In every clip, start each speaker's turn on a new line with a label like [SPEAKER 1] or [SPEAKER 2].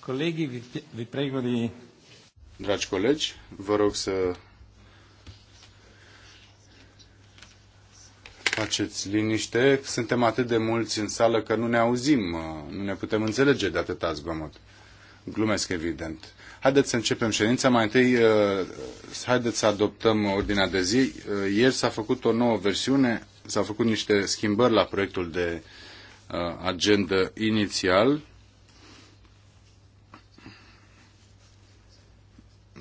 [SPEAKER 1] Colegii, vi, vi prego di... Dragi colegi, vă rog să faceți liniște. Suntem atât de mulți în sală că nu ne auzim, nu ne putem înțelege de atâta zgomot. Glumesc, evident. Haideți să începem ședința. Mai întâi, uh, haideți să adoptăm ordinea de zi. Uh, ieri s-a făcut o nouă versiune, s-au făcut niște schimbări la proiectul de uh, agenda inițial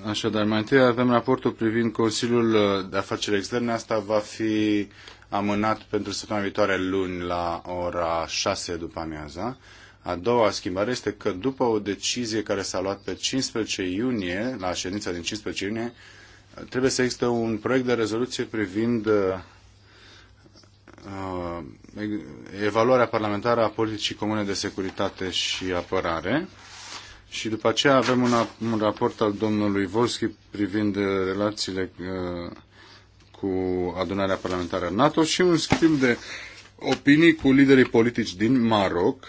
[SPEAKER 1] Așadar, mai întâi avem raportul privind Consiliul de Afaceri Externe. Asta va fi amânat pentru săptămâna viitoare luni la ora 6 după amiaza. A doua schimbare este că după o decizie care s-a luat pe 15 iunie, la ședința din 15 iunie, trebuie să existe un proiect de rezoluție privind uh, uh evaluarea parlamentară a politicii comune de securitate și apărare și după aceea avem un, un raport al domnului Volski privind uh, relațiile uh, cu adunarea parlamentară NATO și un schimb de opinii cu liderii politici din Maroc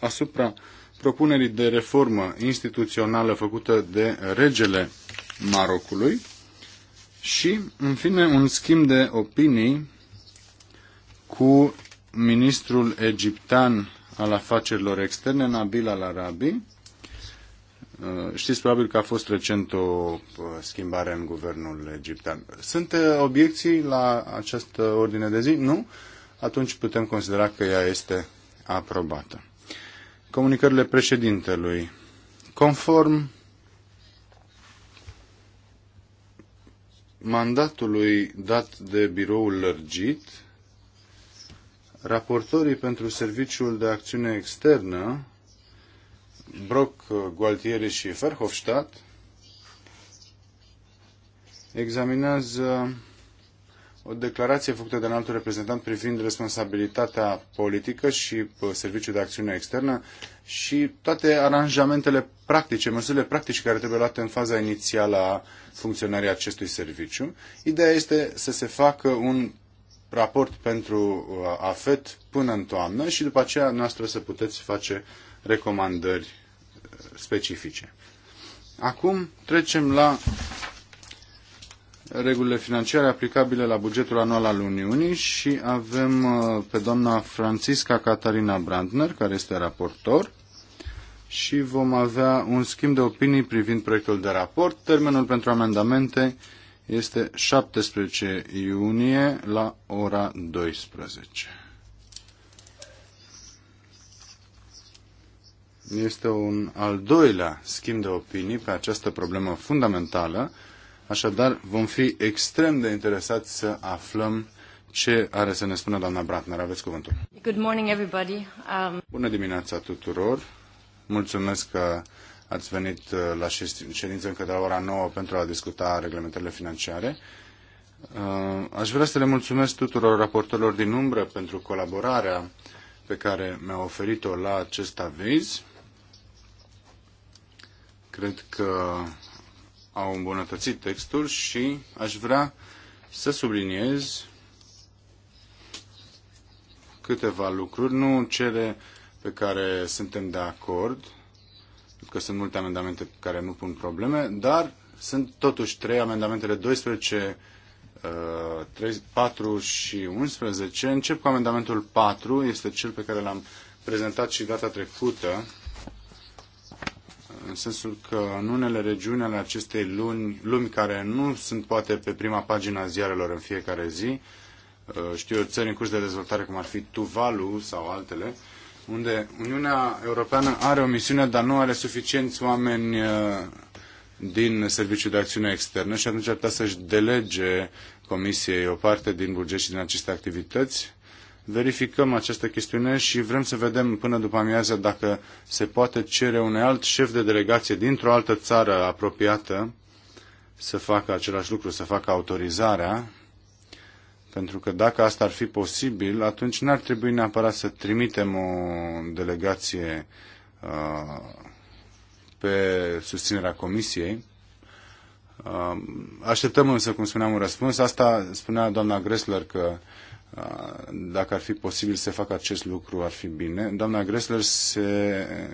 [SPEAKER 1] asupra propunerii de reformă instituțională făcută de regele Marocului și, în fine, un schimb de opinii cu ministrul egiptean al afacerilor externe, Nabil Al-Arabi. Uh, știți probabil că a fost recent o uh, schimbare în guvernul egiptean. Sunt uh, obiecții la această ordine de zi? Nu? Atunci putem considera că ea este aprobată. Comunicările președintelui. Conform mandatului dat de biroul lărgit, Raportorii pentru Serviciul de Acțiune Externă, Brock, Gualtieri și Verhofstadt, examinează o declarație făcută de un alt reprezentant privind responsabilitatea politică și uh, serviciul de acțiune externă și toate aranjamentele practice, măsurile practice care trebuie luate în faza inițială a funcționării acestui serviciu. Ideea este să se facă un raport pentru uh, AFET până în toamnă și după aceea noastră să puteți face recomandări uh, specifice. Acum trecem la regulile financiare aplicabile la bugetul anual al Uniunii și avem uh, pe doamna Francisca Catarina Brandner, care este raportor, și vom avea un schimb de opinii privind proiectul de raport. Termenul pentru amendamente este 17 iunie la ora 12. Este un al doilea schimb de opinii pe această problemă fundamentală, așadar vom fi extrem de interesați să aflăm ce are să ne spună doamna Bratner. Aveți cuvântul.
[SPEAKER 2] Good morning, everybody. Um...
[SPEAKER 1] Bună dimineața tuturor. Mulțumesc că ați venit uh, la ședință încă de la ora 9 pentru a discuta reglementările financiare. Uh, aș vrea să le mulțumesc tuturor raportorilor din umbră pentru colaborarea pe care mi-a oferit-o la acest aviz. Cred că au îmbunătățit textul și aș vrea să subliniez câteva lucruri, nu cele pe care suntem de acord, că sunt multe amendamente care nu pun probleme, dar sunt totuși trei amendamentele 12, 3, 4 și 11. Încep cu amendamentul 4, este cel pe care l-am prezentat și data trecută, în sensul că în unele regiuni ale acestei luni, lumi care nu sunt poate pe prima pagina ziarelor în fiecare zi, uh, știu eu, țări în curs de dezvoltare, cum ar fi Tuvalu sau altele, unde Uniunea Europeană are o misiune, dar nu are suficienți oameni uh, din Serviciul de Acțiune Externă și atunci ar putea să-și delege Comisiei o parte din buget și din aceste activități. Verificăm această chestiune și vrem să vedem până după amiază dacă se poate cere un alt șef de delegație dintr-o altă țară apropiată să facă același lucru, să facă autorizarea pentru că dacă asta ar fi posibil, atunci n-ar trebui neapărat să trimitem o delegație uh, pe susținerea comisiei. Uh, așteptăm însă, cum spuneam, un răspuns. Asta spunea doamna Gressler că uh, dacă ar fi posibil să facă acest lucru, ar fi bine. Doamna Gressler se,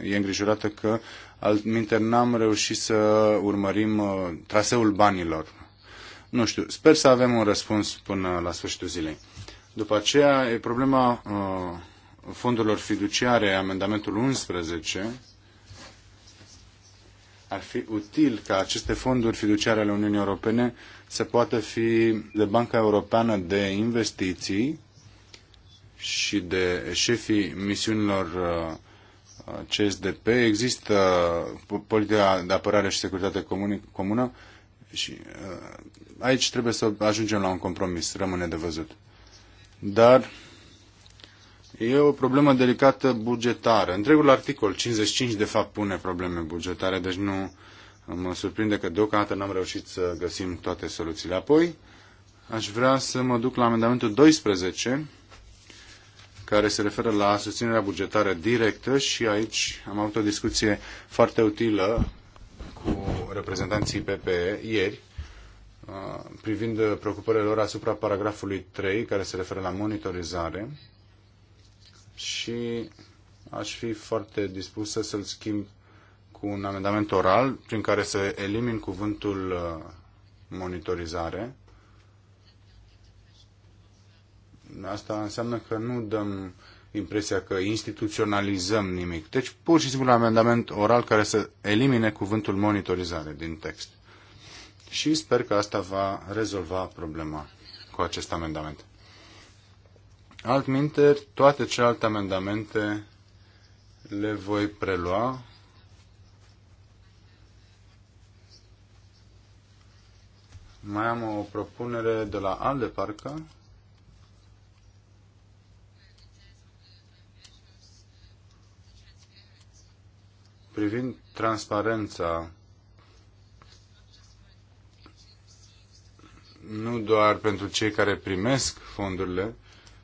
[SPEAKER 1] e îngrijorată că al n-am reușit să urmărim uh, traseul banilor nu știu, sper să avem un răspuns până la sfârșitul zilei. După aceea e problema uh, fondurilor fiduciare, amendamentul 11. Ar fi util ca aceste fonduri fiduciare ale Uniunii Europene să poată fi de Banca Europeană de Investiții și de șefii misiunilor uh, CSDP, există politica de apărare și securitate comună și uh, aici trebuie să ajungem la un compromis, rămâne de văzut. Dar e o problemă delicată bugetară. Întregul articol 55 de fapt pune probleme bugetare, deci nu mă surprinde că deocamdată n-am reușit să găsim toate soluțiile. Apoi aș vrea să mă duc la amendamentul 12 care se referă la susținerea bugetară directă și aici am avut o discuție foarte utilă reprezentanții PPE ieri uh, privind preocupările lor asupra paragrafului 3 care se referă la monitorizare și aș fi foarte dispusă să-l schimb cu un amendament oral prin care să elimin cuvântul uh, monitorizare. Asta înseamnă că nu dăm uh, impresia că instituționalizăm nimic. Deci, pur și simplu, un amendament oral care să elimine cuvântul monitorizare din text. Și sper că asta va rezolva problema cu acest amendament. Altminte, toate celelalte amendamente le voi prelua. Mai am o propunere de la Alde Parcă. privind transparența nu doar pentru cei care primesc fondurile,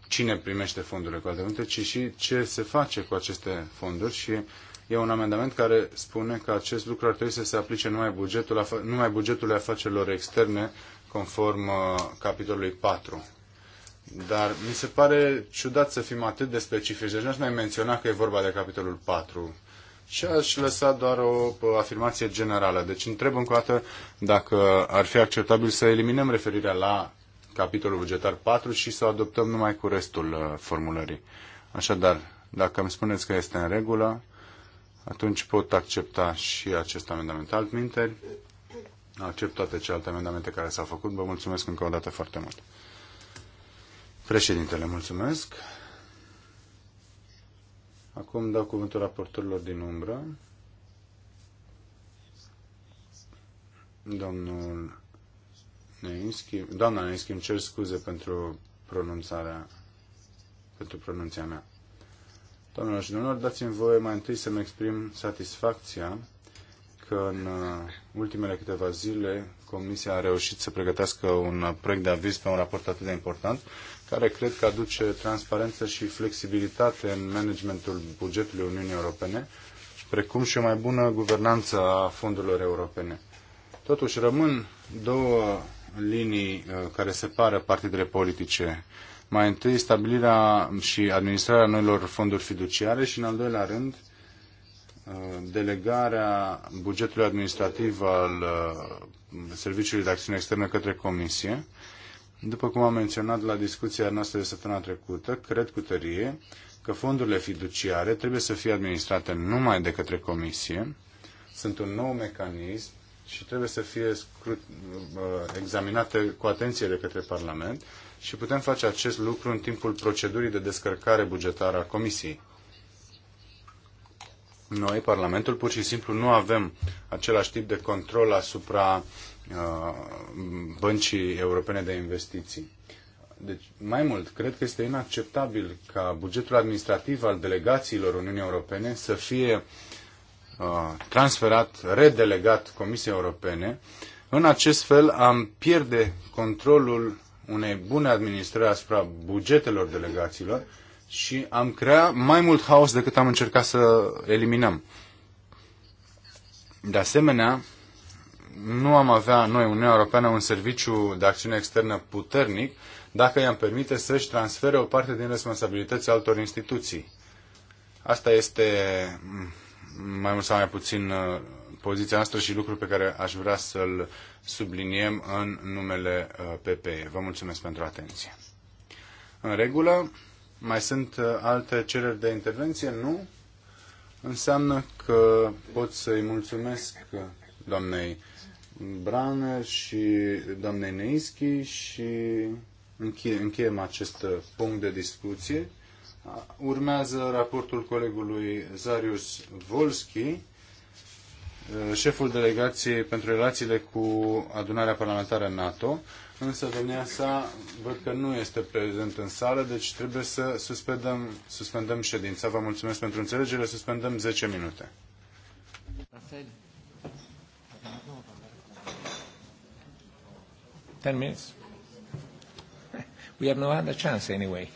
[SPEAKER 1] cine primește fondurile cu alte cuvinte, ci și ce se face cu aceste fonduri și e un amendament care spune că acest lucru ar trebui să se aplice numai, bugetul, numai bugetul afacerilor externe conform uh, capitolului 4. Dar mi se pare ciudat să fim atât de specifici. Deci n-aș mai menționa că e vorba de capitolul 4 și aș lăsa doar o afirmație generală. Deci întreb încă o dată dacă ar fi acceptabil să eliminăm referirea la capitolul bugetar 4 și să o adoptăm numai cu restul uh, formulării. Așadar, dacă îmi spuneți că este în regulă, atunci pot accepta și acest amendament. Altminteri, accept toate celelalte amendamente care s-au făcut. Vă mulțumesc încă o dată foarte mult. Președintele, mulțumesc. Acum dau cuvântul raportorilor din umbră. Domnul Neinschi, doamna Neinschi, îmi cer scuze pentru pronunțarea, pentru pronunția mea. Doamnelor și domnilor, dați-mi voie mai întâi să-mi exprim satisfacția că în ultimele câteva zile Comisia a reușit să pregătească un proiect de aviz pe un raport atât de important care cred că aduce transparență și flexibilitate în managementul bugetului Uniunii Europene, precum și o mai bună guvernanță a fondurilor europene. Totuși rămân două linii uh, care separă partidele politice. Mai întâi stabilirea și administrarea noilor fonduri fiduciare și în al doilea rând uh, delegarea bugetului administrativ al uh, Serviciului de Acțiune Externă către Comisie. După cum am menționat la discuția noastră de săptămâna trecută, cred cu tărie că fondurile fiduciare trebuie să fie administrate numai de către Comisie. Sunt un nou mecanism și trebuie să fie uh, examinate cu atenție de către Parlament și putem face acest lucru în timpul procedurii de descărcare bugetară a Comisiei. Noi, Parlamentul, pur și simplu nu avem același tip de control asupra uh, băncii europene de investiții. Deci, mai mult, cred că este inacceptabil ca bugetul administrativ al delegațiilor Uniunii Europene să fie uh, transferat, redelegat Comisiei Europene. În acest fel am pierde controlul unei bune administrări asupra bugetelor delegațiilor și am creat mai mult haos decât am încercat să eliminăm. De asemenea, nu am avea noi, Uniunea Europeană, un serviciu de acțiune externă puternic dacă i-am permite să-și transfere o parte din responsabilități altor instituții. Asta este mm, mai mult sau mai puțin uh, poziția noastră și lucru pe care aș vrea să-l subliniem în numele uh, PPE. Vă mulțumesc pentru atenție. În regulă, mai sunt uh, alte cereri de intervenție? Nu? Înseamnă că pot să-i mulțumesc uh, doamnei Braner și doamnei Neischi și încheie, încheiem acest uh, punct de discuție. Urmează raportul colegului Zarius Volski, șeful delegației pentru relațiile cu adunarea parlamentară NATO însă domnia sa văd că nu este prezent în sală, deci trebuie să suspendăm, suspendăm ședința. Vă mulțumesc pentru înțelegere, suspendăm 10 minute. Ten minutes. We have no other chance anyway.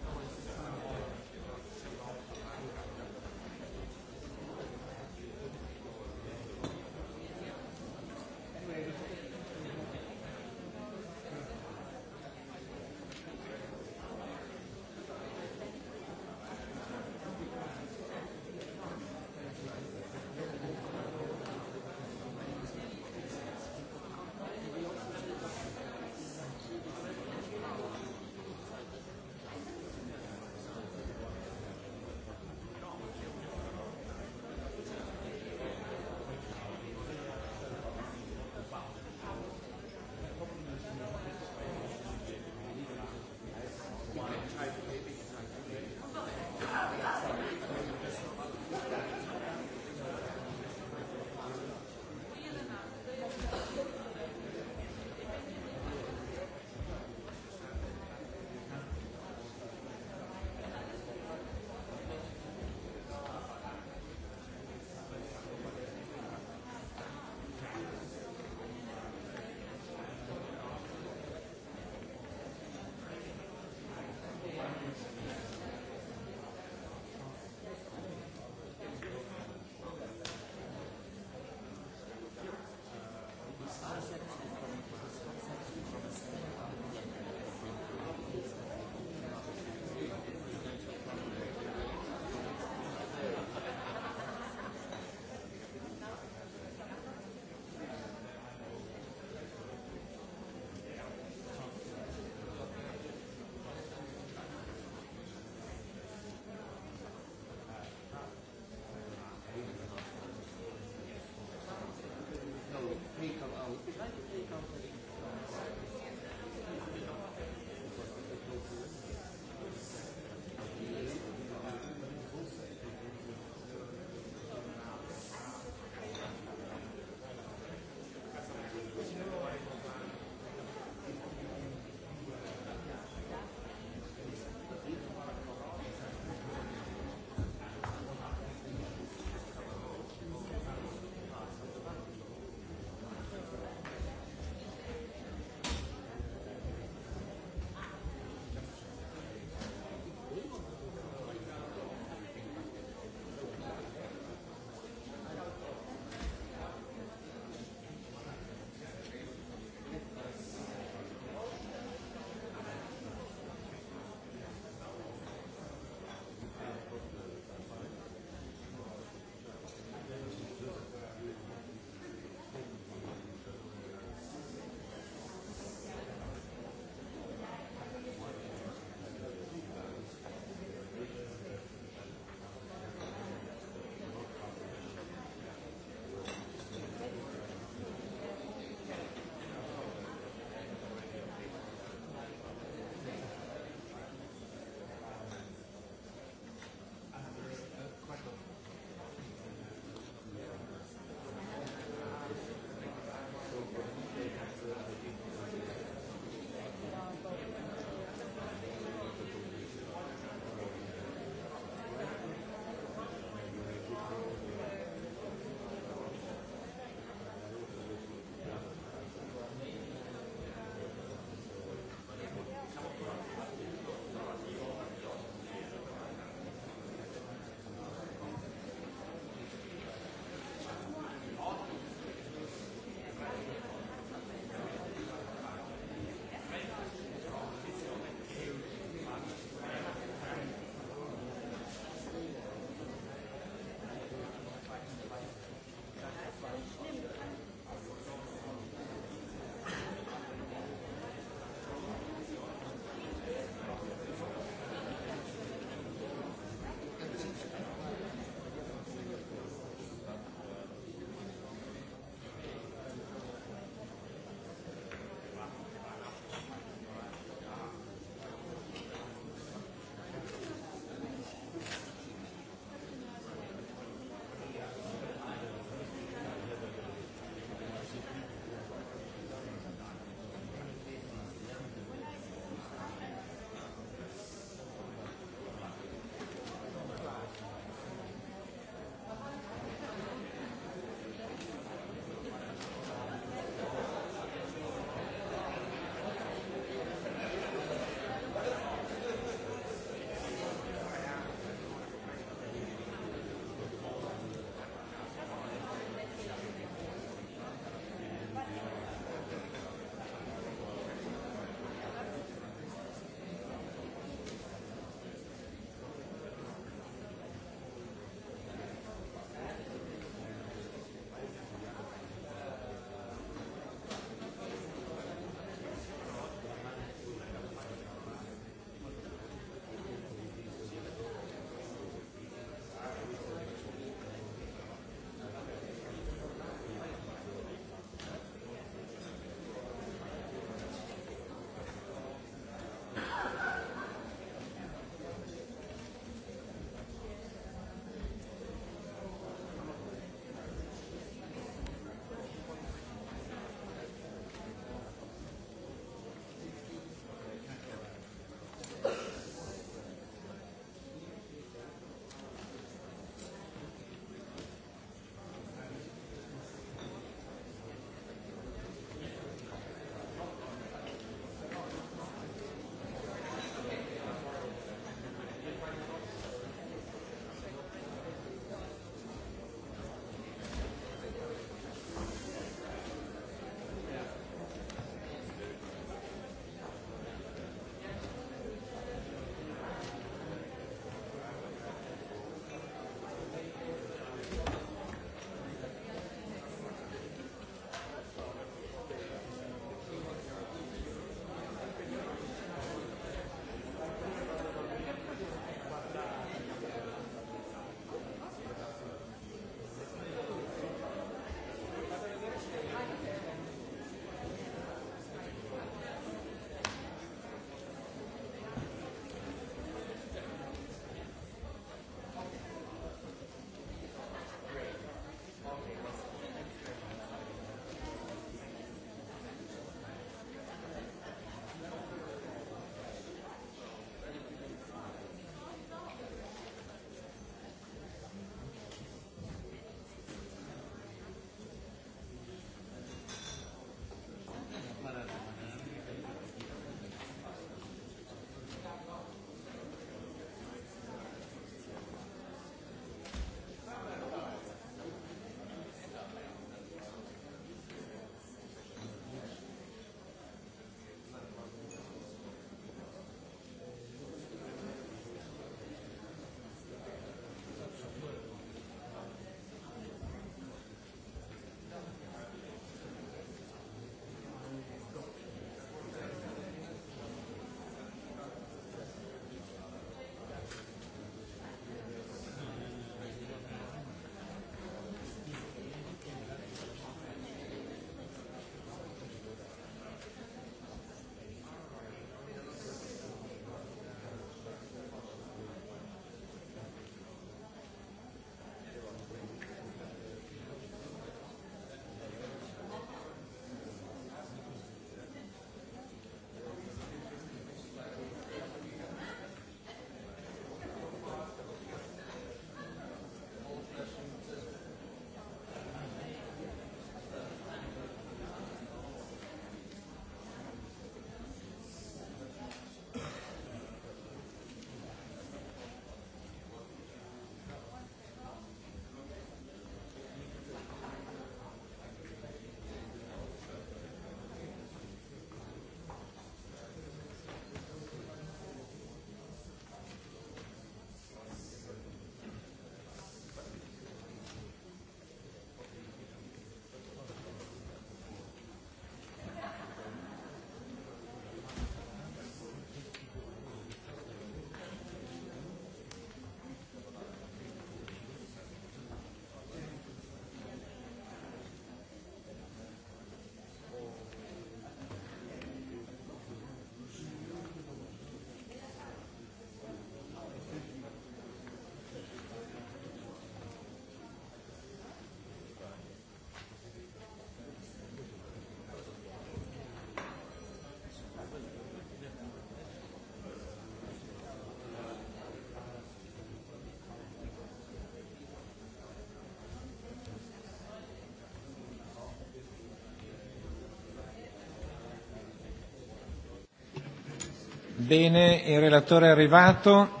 [SPEAKER 1] Bine, il relatore è arrivato.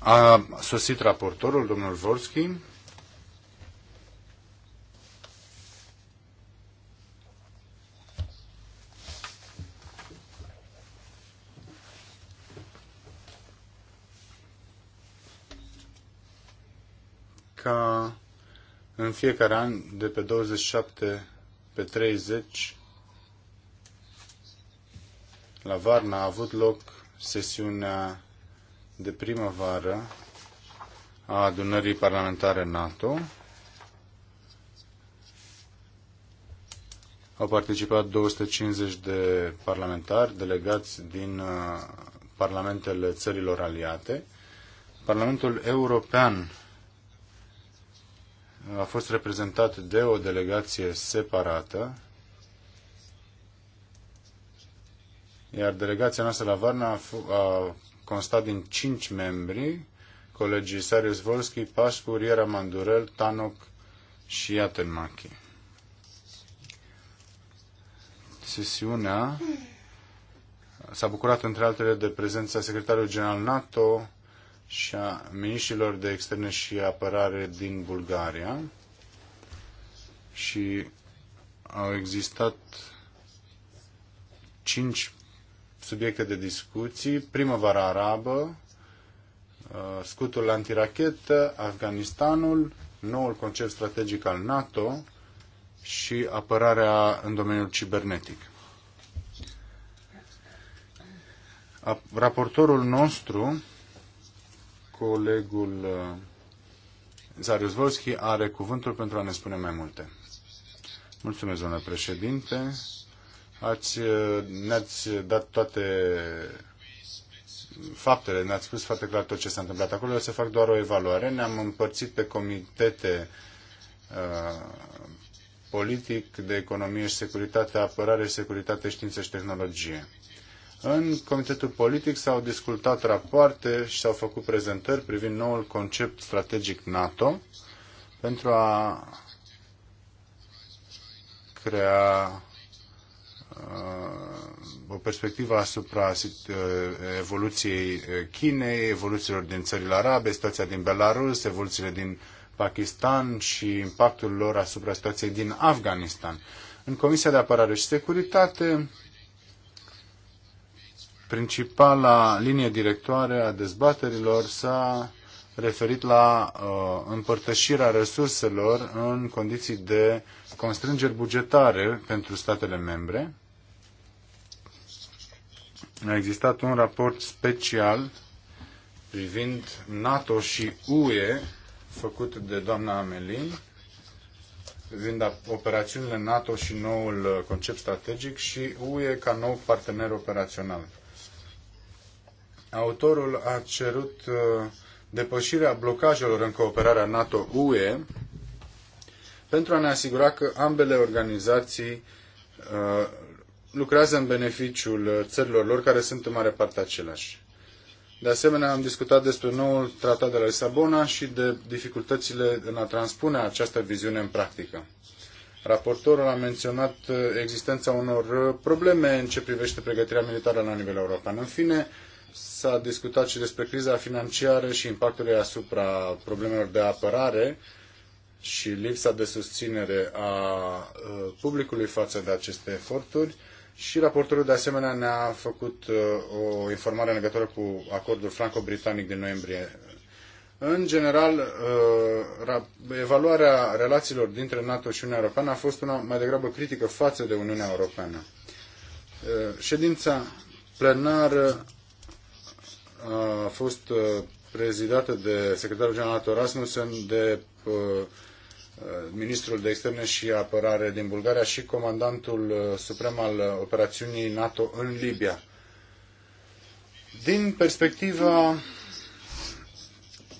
[SPEAKER 1] A sosit raportorul, domnul Vorski. Ca în fiecare an, de pe 27 pe 30, la Varna a avut loc sesiunea de primăvară a adunării parlamentare NATO. Au participat 250 de parlamentari delegați din uh, parlamentele țărilor aliate. Parlamentul European a fost reprezentat de o delegație separată iar delegația noastră la Varna a, a constat din cinci membri, colegii Sarius Volski, Pașpur, Riera Mandurel, Tanok și Atenmaki. Sesiunea s-a bucurat, între altele, de prezența secretarului general NATO și a miniștrilor de externe și apărare din Bulgaria și au existat cinci subiecte de discuții, primăvara arabă, uh, scutul antirachetă, Afganistanul, noul concept strategic al NATO și apărarea în domeniul cibernetic. Raportorul nostru, colegul uh, Zarius Volski, are cuvântul pentru a ne spune mai multe. Mulțumesc, domnule președinte. Ați, eh, ne-ați dat toate faptele, ne-ați spus foarte clar tot ce s-a întâmplat acolo. O să fac doar o evaluare. Ne-am împărțit pe comitete uh, politic de economie și securitate, apărare și securitate, știință și tehnologie. În comitetul politic s-au discutat rapoarte și s-au făcut prezentări privind noul concept strategic NATO pentru a crea Uh, o perspectivă asupra uh, evoluției uh, Chinei, evoluțiilor din țările arabe, situația din Belarus, evoluțiile din Pakistan și impactul lor asupra situației din Afganistan. În Comisia de Apărare și Securitate, principala linie directoare a dezbaterilor s-a referit la uh, împărtășirea resurselor în condiții de constrângeri bugetare pentru statele membre a existat un raport special privind NATO și UE făcut de doamna Amelin privind operațiunile NATO și noul uh, concept strategic și UE ca nou partener operațional. Autorul a cerut uh, depășirea blocajelor în cooperarea NATO-UE pentru a ne asigura că ambele organizații uh, lucrează în beneficiul uh, țărilor lor, care sunt în mare parte aceleași. De asemenea, am discutat despre noul tratat de la Lisabona și de dificultățile în a transpune această viziune în practică. Raportorul a menționat uh, existența unor uh, probleme în ce privește pregătirea militară la nivel european. În fine, s-a discutat și despre criza financiară și impactul ei asupra problemelor de apărare și lipsa de susținere a publicului față de aceste eforturi. Și raportorul de asemenea ne-a făcut uh, o informare în legătură cu acordul franco-britanic din noiembrie. În general, uh, evaluarea relațiilor dintre NATO și Uniunea Europeană a fost una mai degrabă critică față de Uniunea Europeană. Uh, ședința plenară a fost prezidată de secretarul general NATO Rasmussen, de Uh, ministrul de externe și apărare din Bulgaria și comandantul uh, suprem al operațiunii NATO în Libia. Din perspectiva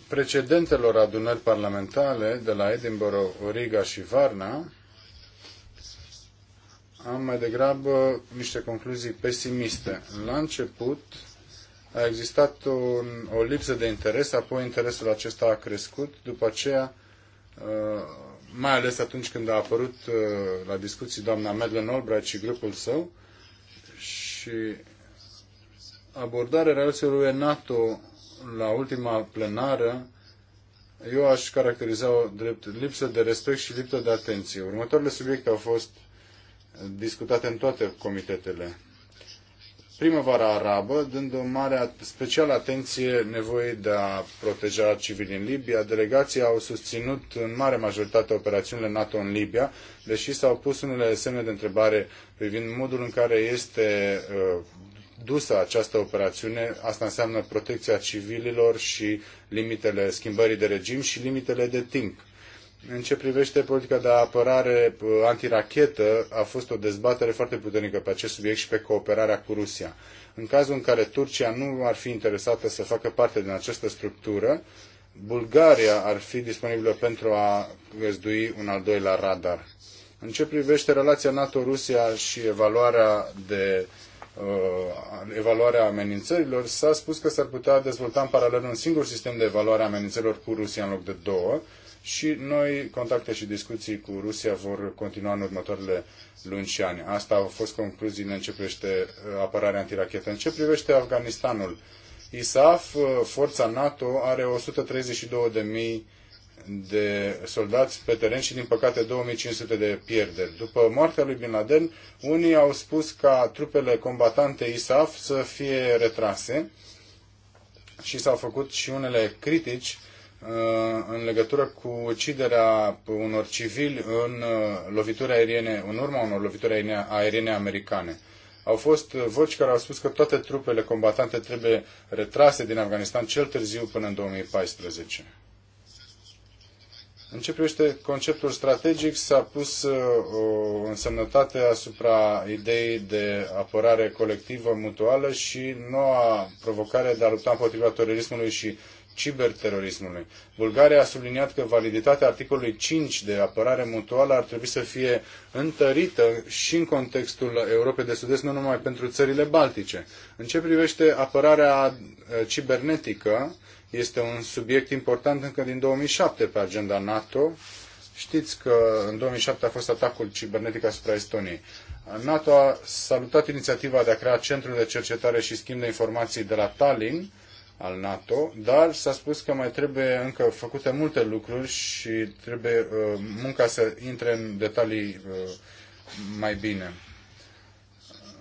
[SPEAKER 1] precedentelor adunări parlamentare de la Edinburgh, Riga și Varna, am mai degrabă niște concluzii pesimiste. La început a existat un, o lipsă de interes, apoi interesul acesta a crescut, după aceea uh, mai ales atunci când a apărut uh, la discuții doamna Madeleine Albright și grupul său și abordarea relațiilor NATO la ultima plenară eu aș caracteriza-o drept lipsă de respect și lipsă de atenție. Următoarele subiecte au fost discutate în toate comitetele primăvara arabă, dând o mare specială atenție nevoii de a proteja civilii în Libia. Delegații au susținut în mare majoritate operațiunile NATO în Libia, deși s-au pus unele semne de întrebare privind modul în care este uh, dusă această operațiune. Asta înseamnă protecția civililor și limitele schimbării de regim și limitele de timp în ce privește politica de apărare uh, antirachetă, a fost o dezbatere foarte puternică pe acest subiect și pe cooperarea cu Rusia. În cazul în care Turcia nu ar fi interesată să facă parte din această structură, Bulgaria ar fi disponibilă pentru a găzdui un al doilea radar. În ce privește relația NATO-Rusia și evaluarea de uh, evaluarea amenințărilor, s-a spus că s-ar putea dezvolta în paralel un singur sistem de evaluare a amenințărilor cu Rusia în loc de două, și noi contacte și discuții cu Rusia vor continua în următoarele luni și ani. Asta au fost concluziile în ce privește uh, apărarea antirachetă. În ce privește Afganistanul, ISAF, uh, forța NATO, are 132.000 de soldați pe teren și, din păcate, 2500 de pierderi. După moartea lui Bin Laden, unii au spus ca trupele combatante ISAF să fie retrase și s-au făcut și unele critici Uh, în legătură cu uciderea unor civili în uh, lovituri aeriene, în urma unor lovituri aeriene, aeriene americane. Au fost voci care au spus că toate trupele combatante trebuie retrase din Afganistan cel târziu până în 2014. În ce privește conceptul strategic, s-a pus uh, o însemnătate asupra ideii de apărare colectivă, mutuală și noua provocare de a lupta împotriva terorismului și ciberterorismului. Bulgaria a subliniat că validitatea articolului 5 de apărare mutuală ar trebui să fie întărită și în contextul Europei de Sud-Est, nu numai pentru țările baltice. În ce privește apărarea uh, cibernetică, este un subiect important încă din 2007 pe agenda NATO. Știți că în 2007 a fost atacul cibernetic asupra Estoniei. NATO a salutat inițiativa de a crea Centrul de Cercetare și Schimb de Informații de la Tallinn, al NATO, dar s-a spus că mai trebuie încă făcute multe lucruri și trebuie uh, munca să intre în detalii uh, mai bine.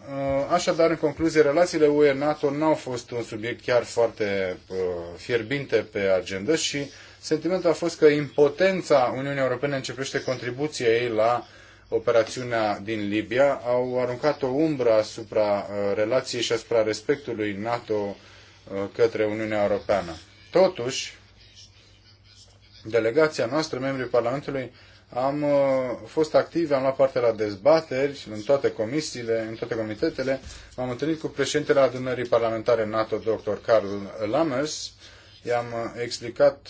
[SPEAKER 1] Uh, așadar, în concluzie, relațiile UE-NATO n-au fost un subiect chiar foarte uh, fierbinte pe agenda și sentimentul a fost că impotența Uniunii Europene începește contribuția ei la operațiunea din Libia, au aruncat o umbră asupra uh, relației și asupra respectului NATO Uh, către Uniunea Europeană. Totuși, delegația noastră, membrii Parlamentului, am uh, fost activi, am luat parte la dezbateri în toate comisiile, în toate comitetele. M-am întâlnit cu președintele adunării parlamentare NATO, dr. Carl Lammers. I-am uh, explicat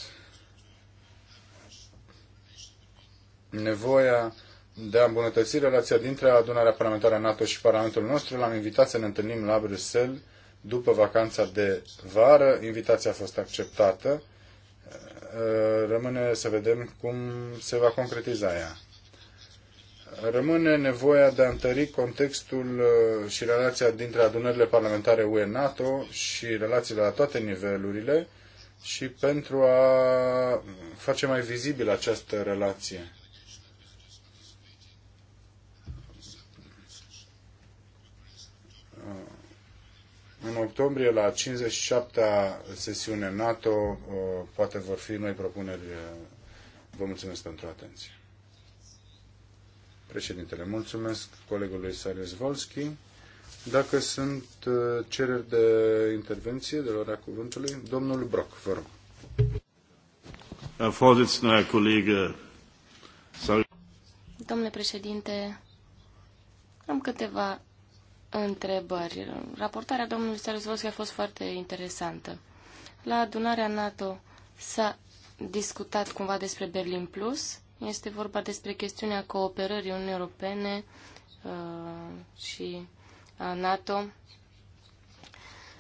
[SPEAKER 1] nevoia de a îmbunătăți relația dintre adunarea parlamentară NATO și Parlamentul nostru. L-am invitat să ne întâlnim la Bruxelles după vacanța de vară. Invitația a fost acceptată. Eh, rămâne să vedem cum se va concretiza ea. Rămâne nevoia de a întări contextul eh, și relația dintre adunările parlamentare UE-NATO și relațiile la toate nivelurile și pentru a face mai vizibil această relație În octombrie, la 57-a sesiune NATO, uh, poate vor fi noi propuneri. Uh, vă mulțumesc pentru atenție. Președintele, mulțumesc colegului Sarius Volski. Dacă sunt uh, cereri de intervenție, de la ora cuvântului, domnul Brock, vă rog.
[SPEAKER 3] Domnule președinte, am câteva întrebări. Raportarea domnului Saruzvoschi a fost foarte interesantă. La adunarea NATO s-a discutat cumva despre Berlin Plus. Este vorba despre chestiunea cooperării Uniunii Europene uh, și a NATO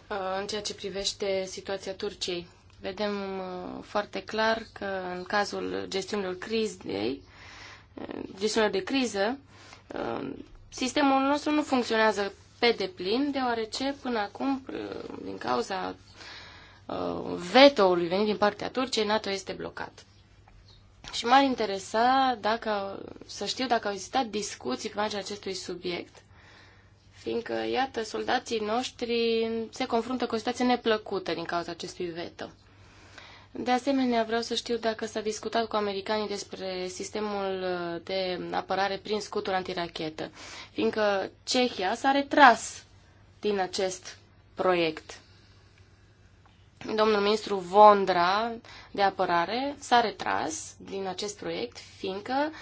[SPEAKER 3] uh, în ceea ce privește situația Turciei. Vedem uh, foarte clar că în cazul gestiunilor crizei, uh, gestiunilor de criză, uh, Sistemul nostru nu funcționează pe deplin, deoarece până acum, din cauza uh, veto-ului venit din partea Turciei, NATO este blocat. Și m-ar interesa dacă, să știu dacă au existat discuții pe marginea acestui subiect, fiindcă, iată, soldații noștri se confruntă cu o situație neplăcută din cauza acestui veto. De asemenea, vreau să știu dacă s-a discutat cu americanii despre sistemul de apărare prin scuturi antirachetă, fiindcă Cehia s-a retras din acest proiect. Domnul ministru Vondra de apărare s-a retras din acest proiect, fiindcă uh,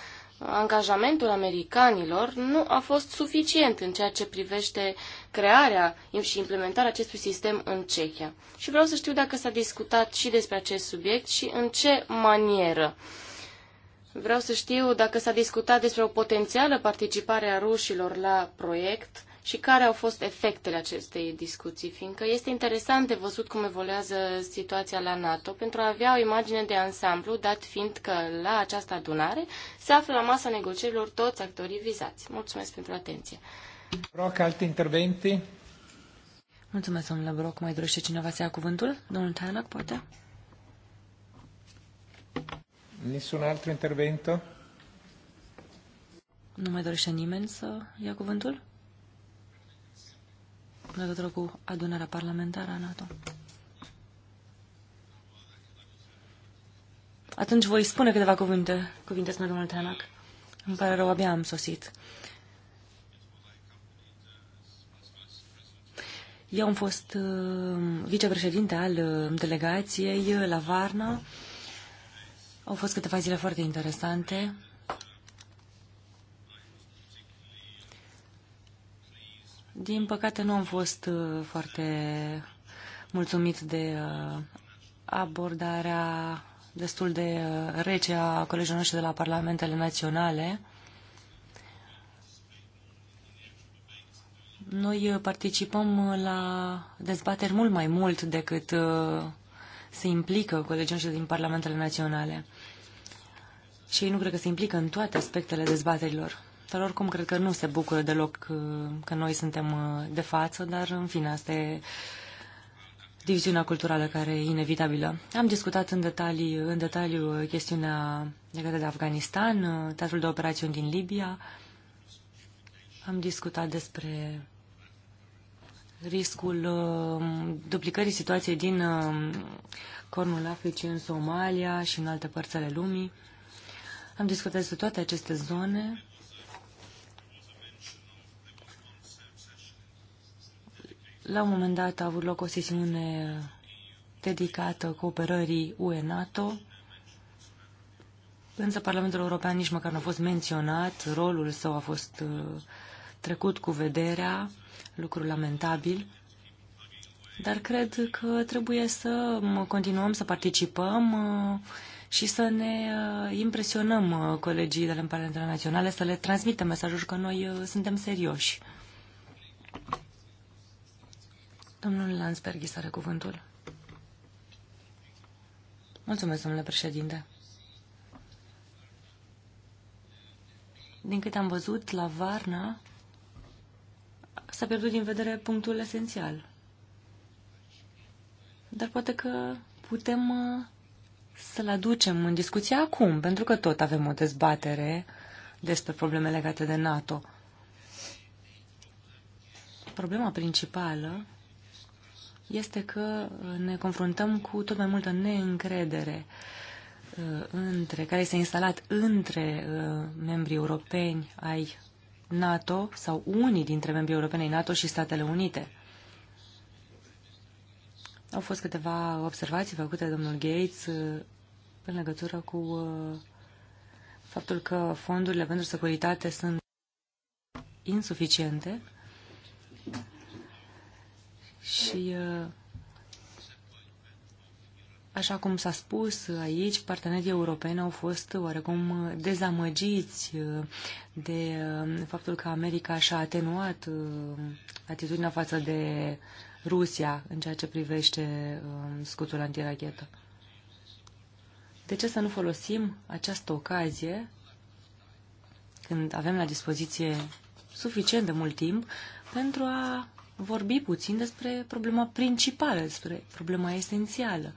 [SPEAKER 3] angajamentul americanilor nu a fost suficient în ceea ce privește crearea și implementarea acestui sistem în Cehia. Și vreau să știu dacă s-a discutat și despre acest subiect și în ce manieră. Vreau să știu dacă s-a discutat despre o potențială participare a rușilor la proiect și care au fost efectele acestei discuții, fiindcă este interesant de văzut cum evoluează situația la NATO pentru a avea o imagine de ansamblu, dat fiind că la această adunare se află la masa negocierilor toți actorii vizați.
[SPEAKER 2] Mulțumesc pentru atenție. Broc, alte intervenții? Mulțumesc, domnule Broc. Mai dorește cineva să ia cuvântul? Domnul Tanac, poate?
[SPEAKER 1] Nisun alt intervento?
[SPEAKER 2] Nu mai dorește nimeni să ia cuvântul? în legătură cu adunarea parlamentară a NATO. Atunci voi spune câteva cuvinte, cuvinte spune domnul Teanac. Îmi pare rău, abia am sosit. Eu am fost uh, vicepreședinte al uh, delegației la Varna. Au fost câteva zile foarte interesante. Din păcate nu am fost uh, foarte mulțumit de uh, abordarea destul de uh, rece a colegilor noștri de la Parlamentele Naționale. Noi participăm la dezbateri mult mai mult decât se implică colegii noștri din Parlamentele Naționale. Și ei nu cred că se implică în toate aspectele dezbaterilor. Dar oricum cred că nu se bucură deloc uh, că noi suntem uh, de față, dar în fine, asta e diviziunea culturală care e inevitabilă. Am discutat în, detalii, în detaliu uh, chestiunea legată de Afganistan, teatrul de operațiuni din Libia. Am discutat despre riscul uh, duplicării situației din uh, Cornul Africii în Somalia și în alte părți ale lumii. Am discutat despre toate aceste zone La un moment dat a avut loc o sesiune dedicată cooperării UE-NATO, însă Parlamentul European nici măcar nu a fost menționat, rolul său a fost uh, trecut cu vederea, lucru lamentabil, dar cred că trebuie să continuăm să participăm uh, și să ne uh, impresionăm colegii de la Parlamentele Naționale, să le transmitem mesajul că noi suntem serioși. Domnul Lansberghi are cuvântul. Mulțumesc, domnule președinte. Din câte am văzut, la Varna s-a pierdut din vedere punctul esențial. Dar poate că putem uh, să-l aducem în discuție acum, pentru că tot avem o dezbatere despre probleme legate de NATO. Problema principală este că uh, ne confruntăm cu tot mai multă neîncredere uh, între, care s-a instalat între uh, membrii europeni ai NATO sau unii dintre membrii ai NATO și Statele Unite. Au fost câteva observații făcute de domnul Gates în legătură cu faptul că fondurile pentru securitate sunt insuficiente și, uh, așa cum s-a spus aici, partenerii europeni au fost oarecum dezamăgiți uh, de uh, faptul că America și-a atenuat atitudinea față de Rusia în ceea ce privește um, scutul antirachetă. De ce să nu folosim această ocazie, când avem la dispoziție suficient de mult timp, pentru a vorbi puțin despre problema principală, despre problema esențială.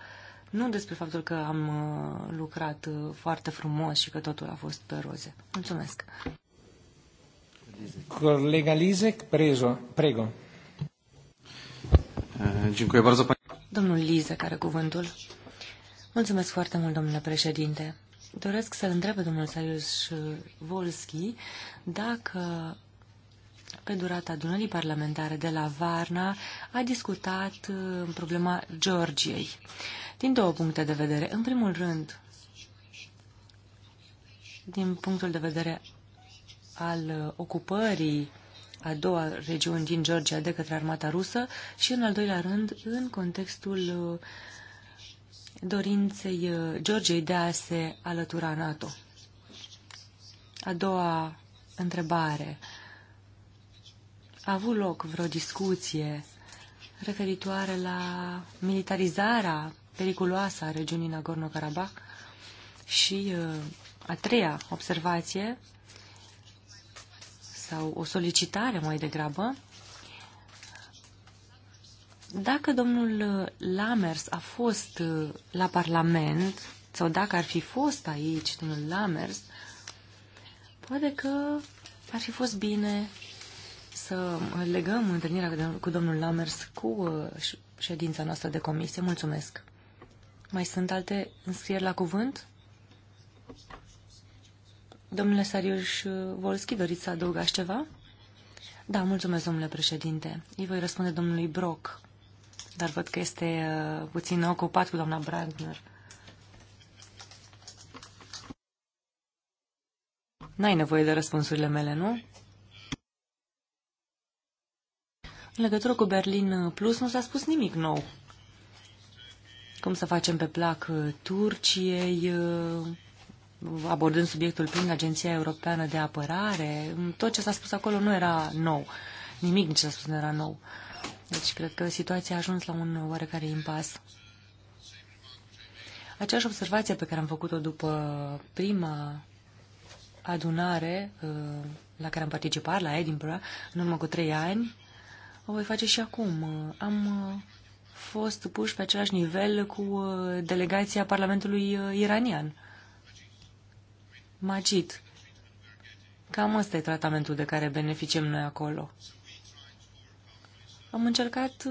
[SPEAKER 2] Nu despre faptul că am uh, lucrat uh, foarte frumos și că totul a fost pe roze. Mulțumesc.
[SPEAKER 1] Colega Lizek, prezo, prego. Uh,
[SPEAKER 2] domnul Lize, care cuvântul. Mulțumesc foarte mult, domnule președinte. Doresc să-l întreb domnul Sarius Volski dacă pe durata adunării parlamentare de la Varna, a discutat uh, problema Georgiei. Din două puncte de vedere. În primul rând, din punctul de vedere al uh, ocupării a doua regiuni din Georgia de către armata rusă și, în al doilea rând, în contextul uh, dorinței Georgiei de a se alătura NATO. A doua întrebare a avut loc vreo discuție referitoare la militarizarea periculoasă a regiunii Nagorno-Karabakh și uh, a treia observație sau o solicitare mai degrabă dacă domnul Lamers a fost uh, la Parlament sau dacă ar fi fost aici domnul Lamers, poate că ar fi fost bine să legăm întâlnirea cu domnul Lamers cu uh, ședința noastră de comisie. Mulțumesc. Mai sunt alte înscrieri la cuvânt? Domnule Sariuș uh, Volski, doriți să adăugați ceva? Da, mulțumesc, domnule președinte. Îi voi răspunde domnului Brock, dar văd că este uh, puțin ocupat cu doamna Brandner. N-ai nevoie de răspunsurile mele, nu? În legătură cu Berlin uh, Plus nu s-a spus nimic nou. Cum să facem pe plac uh, Turciei, uh, abordând subiectul prin Agenția Europeană de Apărare, mm, tot ce s-a spus acolo nu era nou. Nimic nici s-a spus nu era nou. Deci cred că situația a ajuns la un oarecare impas. Aceeași observație pe care am făcut-o după prima adunare la care am participat, la Edinburgh, în urmă cu trei ani, o voi face și acum. Am uh, fost puși pe același nivel cu uh, delegația Parlamentului uh, iranian. Magit. Cam ăsta e tratamentul de care beneficiem noi acolo. Am încercat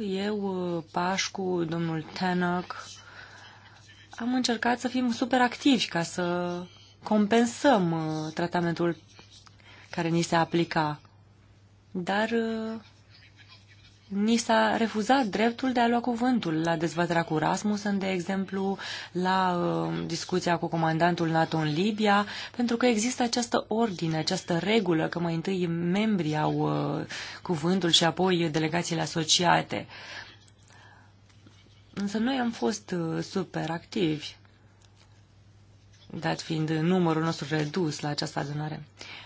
[SPEAKER 2] eu, Pașcu, domnul Tanak, am încercat să fim super activi ca să compensăm tratamentul care ni se aplica. Dar ni s-a refuzat dreptul de a lua cuvântul la dezbaterea cu Rasmussen, de exemplu, la uh, discuția cu comandantul NATO în Libia, pentru că există această ordine, această regulă, că mai întâi membrii au uh, cuvântul și apoi delegațiile asociate. Însă noi am fost uh, super activi, dat fiind numărul nostru redus la această adunare. Uh,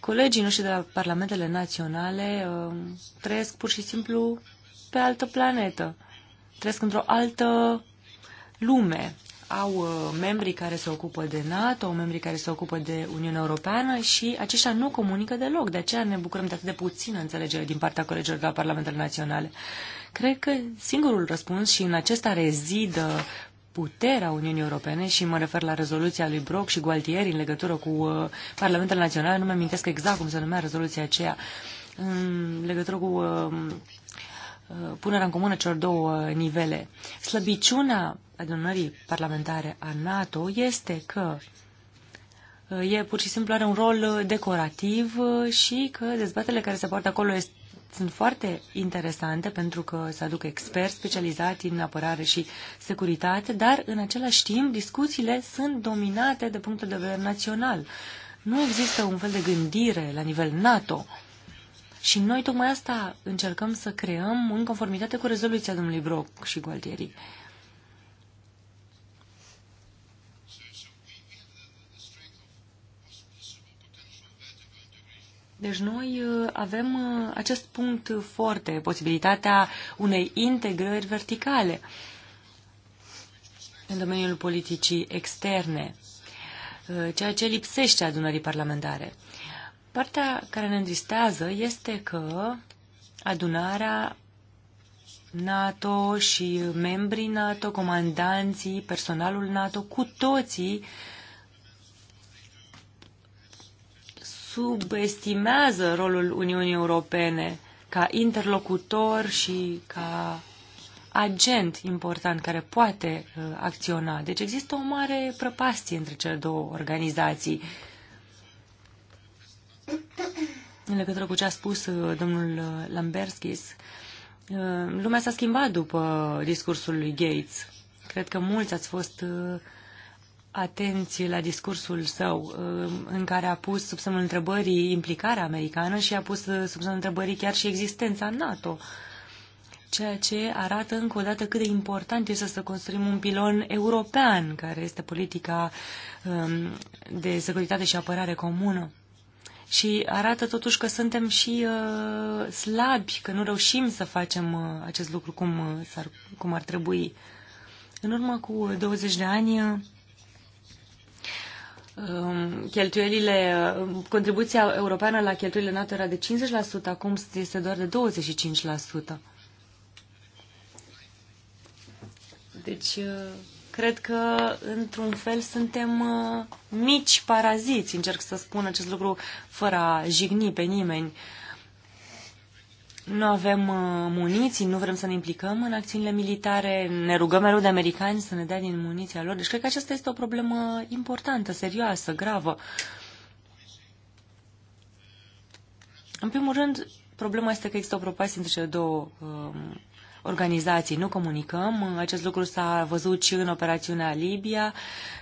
[SPEAKER 2] Colegii noștri de la parlamentele naționale uh, trăiesc pur și simplu pe altă planetă, trăiesc într-o altă lume. Au uh, membrii care se ocupă de NATO, membrii care se ocupă de Uniunea Europeană și aceștia nu comunică deloc. De aceea ne bucurăm de atât de puțină înțelegere din partea colegilor de la parlamentele naționale. Cred că singurul răspuns și în acesta rezidă puterea Uniunii Europene și mă refer la rezoluția lui Brock și Gualtieri în legătură cu uh, Parlamentul Național, nu mi amintesc exact cum se numea rezoluția aceea, în legătură cu uh, uh, punerea în comună celor două nivele. Slăbiciunea adunării parlamentare a NATO este că e pur și simplu are un rol decorativ și că dezbatele care se poartă acolo este sunt foarte interesante pentru că se aduc experți specializați în apărare și securitate, dar în același timp discuțiile sunt dominate de punctul de vedere național. Nu există un fel de gândire la nivel NATO. Și noi tocmai asta încercăm să creăm în conformitate cu rezoluția domnului Brock și Gualtieri. Deci noi uh, avem uh, acest punct foarte, posibilitatea unei integrări verticale în domeniul politicii externe, uh, ceea ce lipsește adunării parlamentare. Partea care ne întristează este că adunarea NATO și membrii NATO, comandanții, personalul NATO, cu toții uh, subestimează rolul Uniunii Europene ca interlocutor și ca agent important care poate uh, acționa. Deci există o mare prăpastie între cele două organizații. În legătură cu ce a spus uh, domnul uh, Lamberskis, lumea s-a schimbat după discursul lui Gates. Cred că mulți ați fost uh, atenție la discursul său um, în care a pus sub semnul întrebării implicarea americană și a pus uh, sub semnul întrebării chiar și existența NATO, ceea ce arată încă o dată cât de important este să construim un pilon european, care este politica um, de securitate și apărare comună. Și arată totuși că suntem și uh, slabi, că nu reușim să facem uh, acest lucru cum, uh, ar cum ar trebui. În urmă cu 20 de ani, uh, cheltuielile, contribuția europeană la cheltuielile NATO era de 50%, acum este doar de 25%. Deci, uh, cred că, într-un fel, suntem uh, mici paraziți, încerc să spun acest lucru fără a jigni pe nimeni. Uh, nu avem uh, muniții, nu vrem să ne implicăm în acțiunile militare, ne rugăm mereu de americani să ne dea din muniția lor. Deci cred că aceasta este o problemă importantă, serioasă, gravă. În primul rând, problema este că există o propasie între cele două um, organizații. Nu comunicăm. Acest lucru s-a văzut și în operațiunea Libia.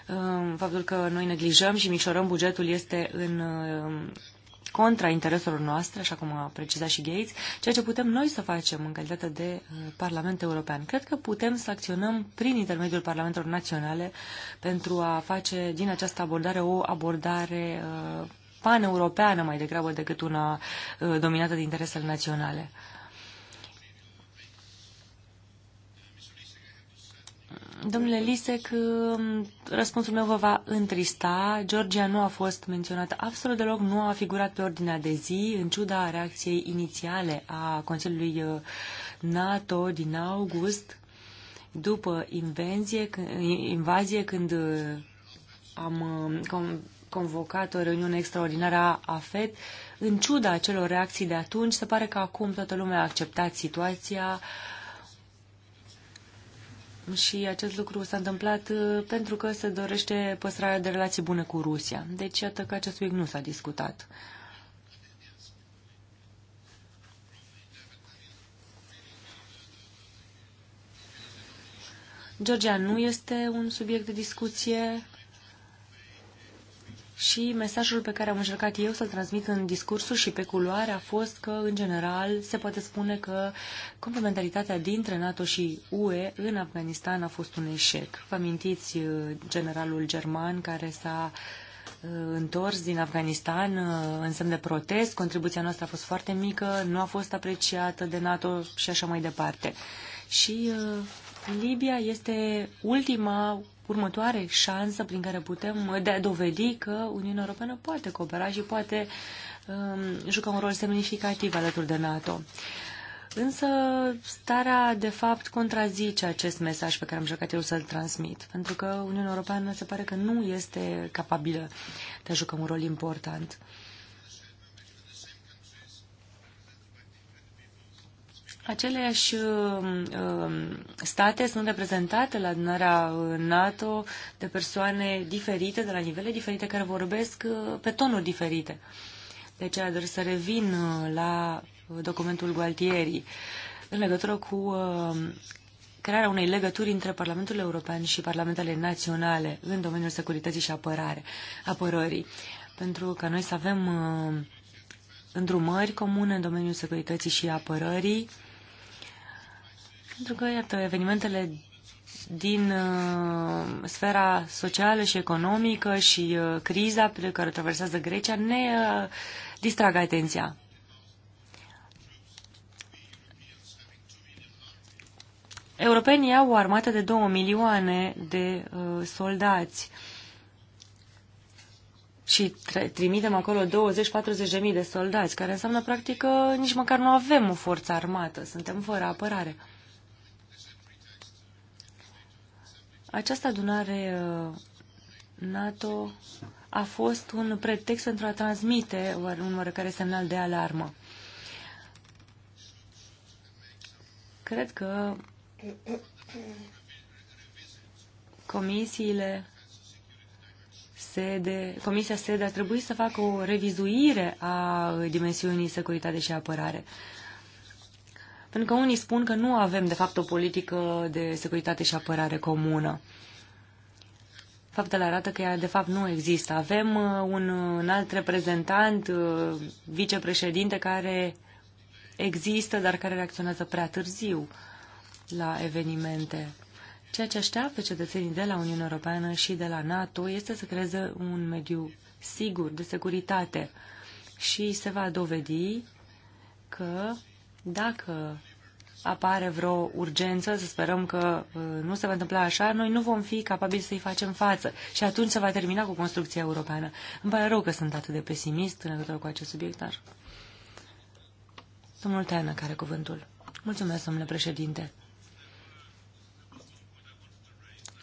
[SPEAKER 2] Um, faptul că noi neglijăm și mișorăm bugetul este în um, contra intereselor noastre, așa cum a precizat și Gates, ceea ce putem noi să facem în calitate de uh, Parlament European. Cred că putem să acționăm prin intermediul Parlamentelor Naționale pentru a face din această abordare o abordare uh, paneuropeană mai degrabă decât una uh, dominată de interesele naționale. Domnule Lisec, um, răspunsul meu vă va întrista. Georgia nu a fost menționată absolut deloc, nu a figurat pe ordinea de zi, în ciuda reacției inițiale a Consiliului uh, NATO din august, după invenzie, invazie, când uh, am um, convocat o reuniune extraordinară a AFET, în ciuda acelor reacții de atunci, se pare că acum toată lumea a acceptat situația, uh, și acest lucru s-a întâmplat uh, pentru că se dorește păstrarea de relații bune cu Rusia. Deci, iată că acest subiect nu s-a discutat. Georgia nu este un subiect de discuție. Și mesajul pe care am încercat eu să-l transmit în discursul și pe culoare a fost că, în general, se poate spune că complementaritatea dintre NATO și UE în Afganistan a fost un eșec. Vă amintiți uh, generalul german care s-a uh, întors din Afganistan uh, în semn de protest, contribuția noastră a fost foarte mică, nu a fost apreciată de NATO și așa mai departe. Și Libia este ultima, următoare șansă prin care putem uh, de a dovedi că Uniunea Europeană poate coopera și poate um, juca un rol semnificativ alături de NATO. Însă starea, de fapt, contrazice acest mesaj pe care am jucat eu să-l transmit, pentru că Uniunea Europeană se pare că nu este capabilă de a juca un rol important. Aceleași um, um, state sunt reprezentate la adunarea uh, NATO de persoane diferite, de la nivele diferite, care vorbesc uh, pe tonuri diferite. De deci, aceea să revin uh, la documentul Gualtierii în legătură cu um, crearea unei legături între Parlamentul European și Parlamentele Naționale în domeniul securității și apărare, apărării, pentru că noi să avem îndrumări comune în domeniul securității și apărării, pentru că, iată, evenimentele din uh, sfera socială și economică și uh, criza pe care o traversează Grecia ne uh, distrag atenția. Europenii au o armată de 2 milioane de uh, soldați și trimitem acolo 20-40 de mii de soldați, care înseamnă practic că nici măcar nu avem o forță armată, suntem fără apărare. Această adunare uh, NATO a fost un pretext pentru a transmite un oarecare semnal de alarmă. Cred că comisiile sede, Comisia Sede ar trebui să facă o revizuire a dimensiunii securitate și apărare. Uh, pentru că unii spun că nu avem, de fapt, o politică de securitate și apărare comună. Faptele arată că ea, de fapt, nu există. Avem uh, un, uh, un alt reprezentant, uh, vicepreședinte, care există, dar care reacționează prea târziu la evenimente. Ceea ce așteaptă cetățenii de la Uniunea Europeană și de la NATO este să creeze un mediu sigur, de securitate. Și se va dovedi că dacă apare vreo urgență, să sperăm că uh, nu se va întâmpla așa, noi nu vom fi capabili să-i facem față și atunci se va termina cu construcția europeană. Îmi pare rău că sunt atât de pesimist în legătură cu acest subiect, dar... Domnul Teană care cuvântul. Mulțumesc, domnule președinte.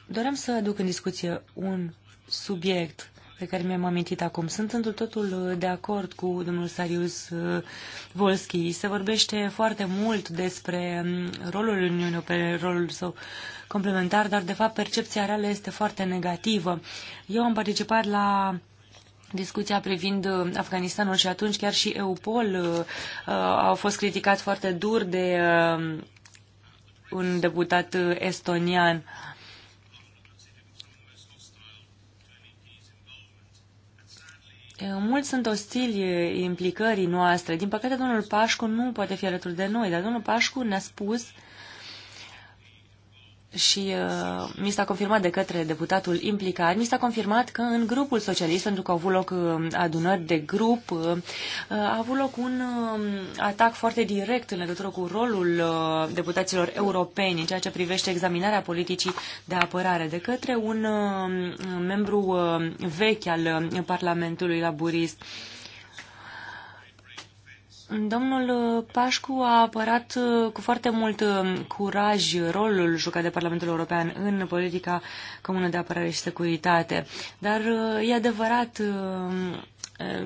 [SPEAKER 2] Doream să aduc în discuție un subiect pe care mi-am amintit acum. Sunt într totul uh, de acord cu domnul Sarius uh, Volski. Se vorbește foarte mult despre um, rolul Uniunii pe rolul său complementar, dar de fapt percepția reală este foarte negativă. Eu am participat la discuția privind uh, Afganistanul și atunci chiar și EUPOL uh, au fost criticat foarte dur de uh, un deputat estonian. Uh, Mulți sunt ostili implicării noastre. Din păcate, domnul Pașcu nu poate fi alături de noi, dar domnul Pașcu ne-a spus uh, și uh, mi s-a confirmat de către deputatul implicat, mi s-a confirmat că în grupul socialist, pentru că au avut loc uh, adunări de grup, uh, uh, a avut loc un uh, atac foarte direct în legătură cu rolul uh, deputaților europeni în ceea ce privește examinarea politicii de apărare de către un uh, membru uh, vechi al uh, Parlamentului Laburist. Uh, Domnul Pașcu a apărat uh, cu foarte mult uh, curaj rolul jucat de Parlamentul European în politica comună de apărare și securitate. Dar uh, e adevărat,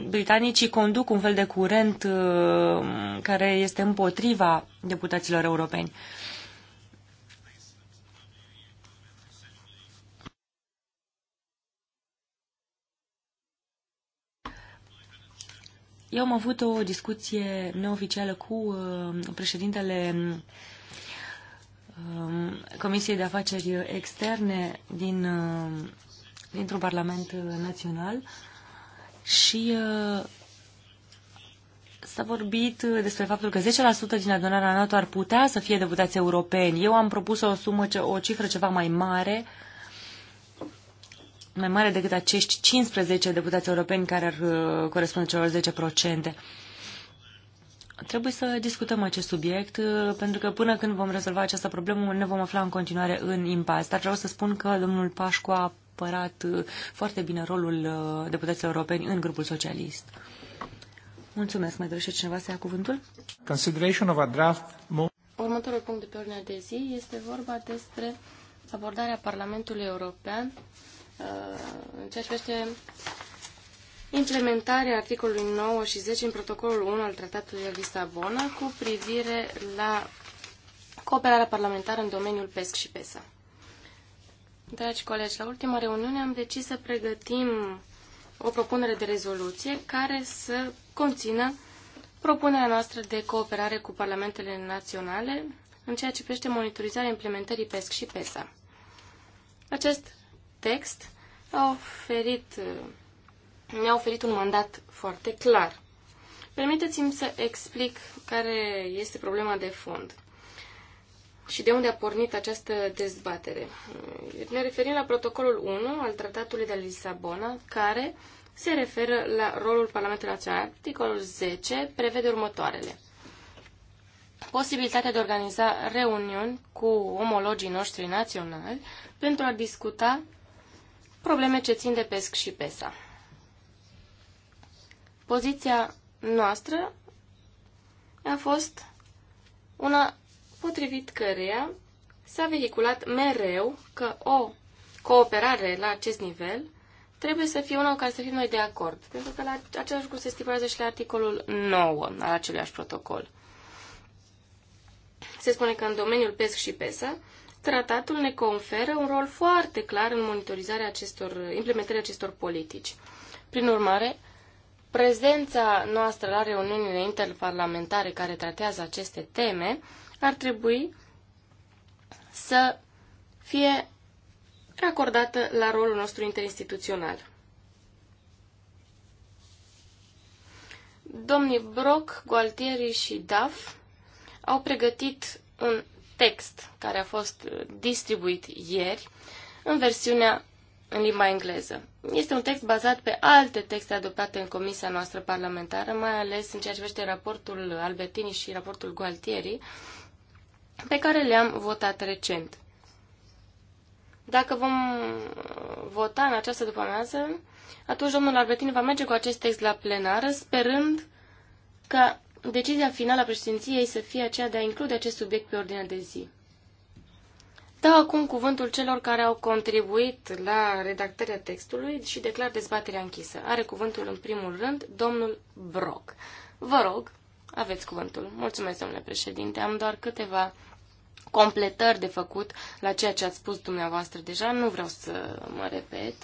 [SPEAKER 2] britanicii conduc un fel de curent care este împotriva deputaților europeni. Eu am avut o discuție neoficială cu uh, președintele um, Comisiei de Afaceri Externe din, uh, dintr-un parlament național și uh, s-a vorbit despre faptul că 10% din adunarea NATO ar putea să fie deputați europeni. Eu am propus o sumă, o cifră ceva mai mare, uh, mai mare decât acești 15 deputați europeni care ar uh, corespunde celor 10%. Trebuie să discutăm acest subiect, uh, pentru că până când vom rezolva această problemă ne vom afla în continuare în impas. Dar vreau să spun că domnul Pașcu a apărat uh, foarte bine rolul deputaților europeni în grupul socialist. Mulțumesc. Mai dorește cineva să ia cuvântul?
[SPEAKER 1] Consideration of a draft...
[SPEAKER 3] Următorul punct de pe ordinea de zi este vorba despre abordarea Parlamentului European în ceea ce privește implementarea articolului 9 și 10 în protocolul 1 al Tratatului de Lisabona cu privire la cooperarea parlamentară în domeniul PESC și PESA. Dragi colegi, la ultima reuniune am decis să pregătim o propunere de rezoluție care să conțină propunerea noastră de cooperare cu parlamentele naționale în ceea ce privește monitorizarea implementării PESC și PESA. Acest text a oferit, mi-a oferit un mandat foarte clar. Permiteți-mi să explic care este problema de fond și de unde a pornit această dezbatere. Ne referim la protocolul 1 al Tratatului de Lisabona, care se referă la rolul Parlamentului Național. Articolul 10 prevede următoarele. Posibilitatea de a organiza reuniuni cu omologii noștri naționali pentru a discuta probleme ce țin de PESC și PESA. Poziția noastră a fost una potrivit căreia s-a vehiculat mereu că o cooperare la acest nivel trebuie să fie una ca care să fim noi de acord, pentru că la același lucru se stipulează și la articolul 9 al aceluiași protocol. Se spune că în domeniul PESC și PESA tratatul ne conferă un rol foarte clar în monitorizarea acestor, implementarea acestor politici. Prin urmare, prezența noastră la reuniunile interparlamentare care tratează aceste teme ar trebui să fie acordată la rolul nostru interinstituțional. Domnii Brock, Gualtieri și Duff au pregătit un text care a fost distribuit ieri în versiunea în limba engleză. Este un text bazat pe alte texte adoptate în comisia noastră parlamentară, mai ales în ceea ce privește raportul Albertini și raportul Gualtieri, pe care le-am votat recent. Dacă vom vota în această dupămează, atunci domnul Albertini va merge cu acest text la plenară, sperând ca decizia finală a președinției să fie aceea de a include acest subiect pe ordinea de zi. Dau acum cuvântul celor care au contribuit la redactarea textului și declar dezbaterea închisă. Are cuvântul în primul rând domnul Brock. Vă rog, aveți cuvântul. Mulțumesc, domnule președinte. Am doar câteva completări de făcut la ceea ce ați spus dumneavoastră deja. Nu vreau să mă repet.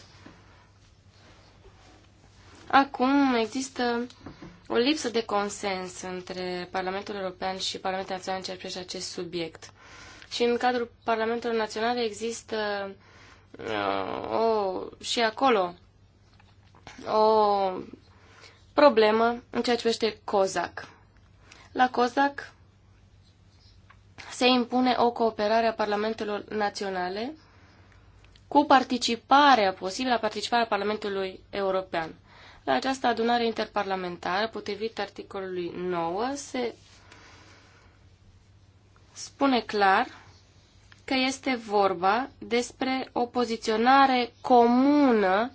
[SPEAKER 3] Acum există o lipsă de consens între Parlamentul European și Parlamentul Național în ceea ce acest subiect. Și în cadrul Parlamentului Național există uh, o, și acolo o problemă în ceea ce privește COZAC. La COZAC se impune o cooperare a Parlamentelor Naționale cu participarea posibilă a participarea Parlamentului European. La această adunare interparlamentară, potrivit articolului 9, se spune clar că este vorba despre o poziționare comună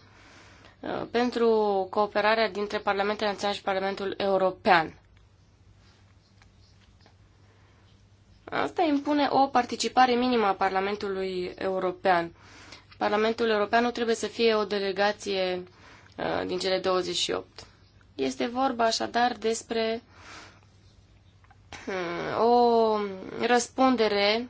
[SPEAKER 3] uh, pentru cooperarea dintre Parlamentul Național și Parlamentul European. Asta impune o participare minimă a Parlamentului European. Parlamentul European nu trebuie să fie o delegație Uh, din cele 28. Este vorba așadar despre hmm, o răspundere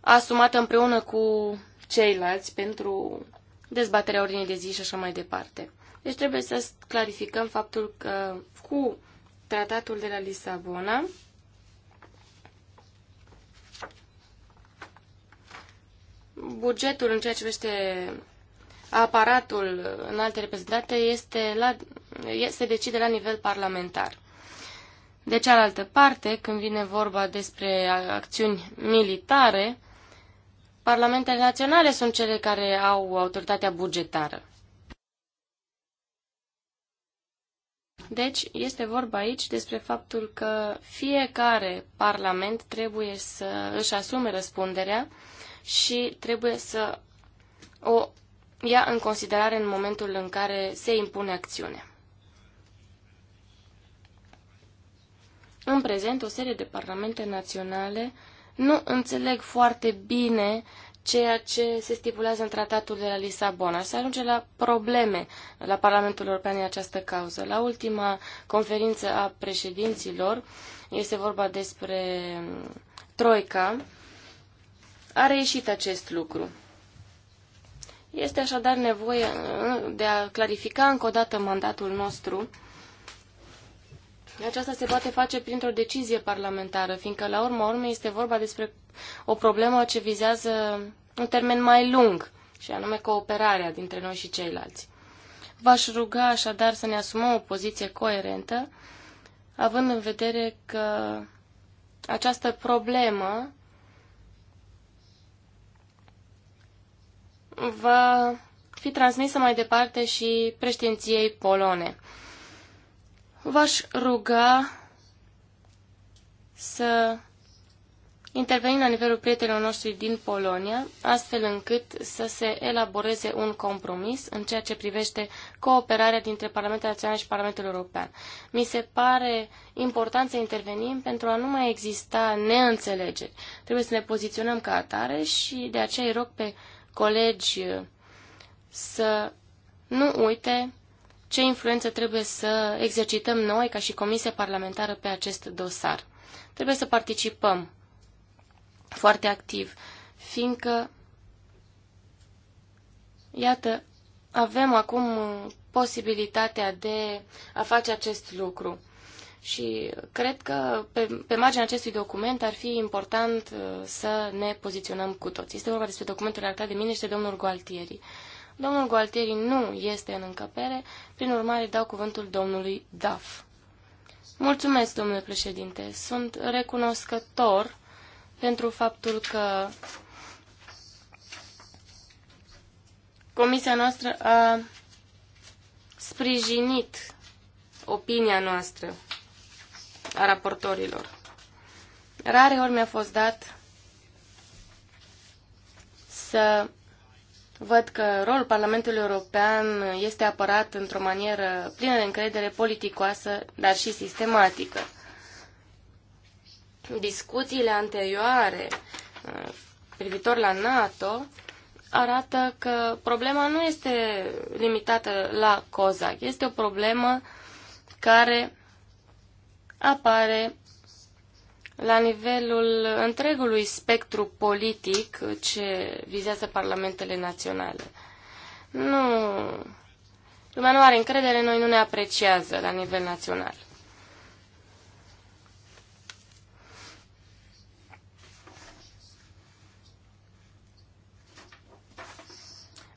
[SPEAKER 3] asumată împreună cu ceilalți pentru dezbaterea ordinii de zi și așa mai departe. Deci trebuie să clarificăm faptul că cu tratatul de la Lisabona bugetul în ceea ce vește aparatul în alte reprezentante este la, se decide la nivel parlamentar. De cealaltă parte, când vine vorba despre acțiuni militare, parlamentele naționale sunt cele care au autoritatea bugetară. Deci, este vorba aici despre faptul că fiecare parlament trebuie să își asume răspunderea și trebuie să o ia în considerare în momentul în care se impune acțiune. În prezent, o serie de parlamente naționale nu înțeleg foarte bine ceea ce se stipulează în tratatul de la Lisabona. Se ajunge la probleme la Parlamentul European în această cauză. La ultima conferință a președinților, este vorba despre Troica, a reieșit acest lucru. Este așadar nevoie uh, de a clarifica încă o dată mandatul nostru. Aceasta se poate face printr-o decizie parlamentară, fiindcă la urma urmei este vorba despre o problemă ce vizează un termen mai lung, și anume cooperarea dintre noi și ceilalți. V-aș ruga așadar să ne asumăm o poziție coerentă, având în vedere că această problemă va fi transmisă mai departe și preștinției polone. V-aș ruga să intervenim la nivelul prietenilor noștri din Polonia, astfel încât să se elaboreze un compromis în ceea ce privește cooperarea dintre Parlamentul Național și Parlamentul European. Mi se pare important să intervenim pentru a nu mai exista neînțelegeri. Trebuie să ne poziționăm ca atare și de aceea îi rog pe colegi uh, să nu uite ce influență trebuie să exercităm noi ca și Comisie Parlamentară pe acest dosar. Trebuie să participăm foarte activ, fiindcă, iată, avem acum uh, posibilitatea de a face acest lucru. Și cred că pe, pe marginea acestui document ar fi important uh, să ne poziționăm cu toți. Este vorba despre documentul redactat de mine și de domnul Gualtieri. Domnul Gualtieri nu este în încăpere, prin urmare dau cuvântul domnului Daf. Mulțumesc, domnule președinte. Sunt recunoscător pentru faptul că comisia noastră a sprijinit opinia noastră a raportorilor. Rare ori mi-a fost dat să văd că rolul Parlamentului European este apărat într-o manieră plină de încredere politicoasă, dar și sistematică. Discuțiile anterioare uh, privitor la NATO arată că problema nu este limitată la COSAC. Este o problemă care apare la nivelul întregului spectru politic ce vizează parlamentele naționale. Nu, lumea nu are încredere, noi nu ne apreciază la nivel național.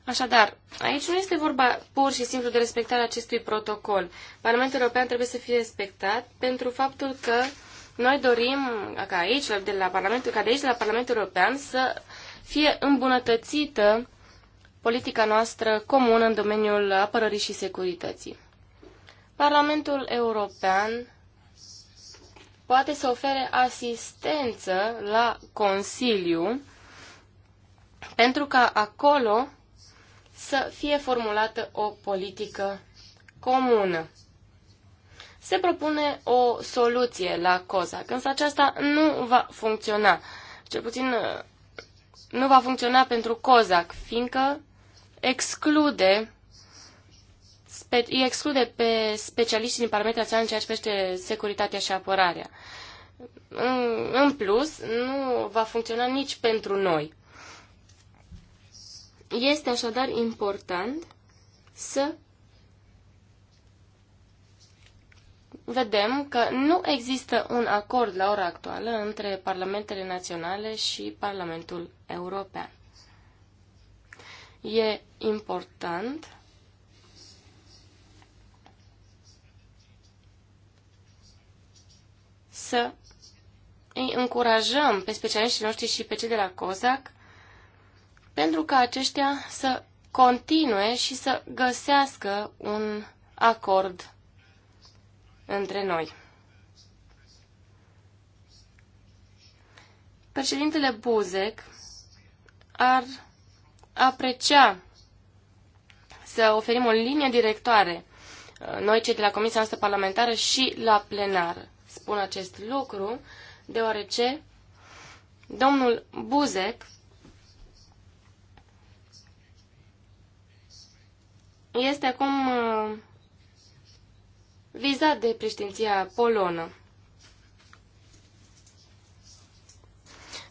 [SPEAKER 3] Așadar, aici nu este vorba pur și simplu de respectarea acestui protocol. Parlamentul European trebuie să fie respectat pentru faptul că noi dorim ca aici, de la Parlamentul, ca de aici, de la Parlamentul European, să fie îmbunătățită politica noastră comună în domeniul apărării și securității. Parlamentul European poate să ofere asistență la Consiliu pentru ca acolo să fie formulată o politică comună. Se propune o soluție la COSAC, însă aceasta nu va funcționa. Cel puțin uh, nu va funcționa pentru COSAC, fiindcă exclude îi exclude pe specialiștii din Parlamentul Național în ceea ce privește securitatea și apărarea. În plus, nu va funcționa nici pentru noi. Este așadar important să vedem că nu există un acord la ora actuală între parlamentele naționale și Parlamentul European. E important să îi încurajăm pe specialiștii noștri și pe cei de la COSAC pentru ca aceștia să continue și să găsească un acord între noi. Președintele Buzek ar aprecia să oferim o linie directoare uh, noi cei de la Comisia noastră parlamentară și la plenar. Spun acest lucru deoarece domnul Buzek este acum uh, vizat de președinția polonă.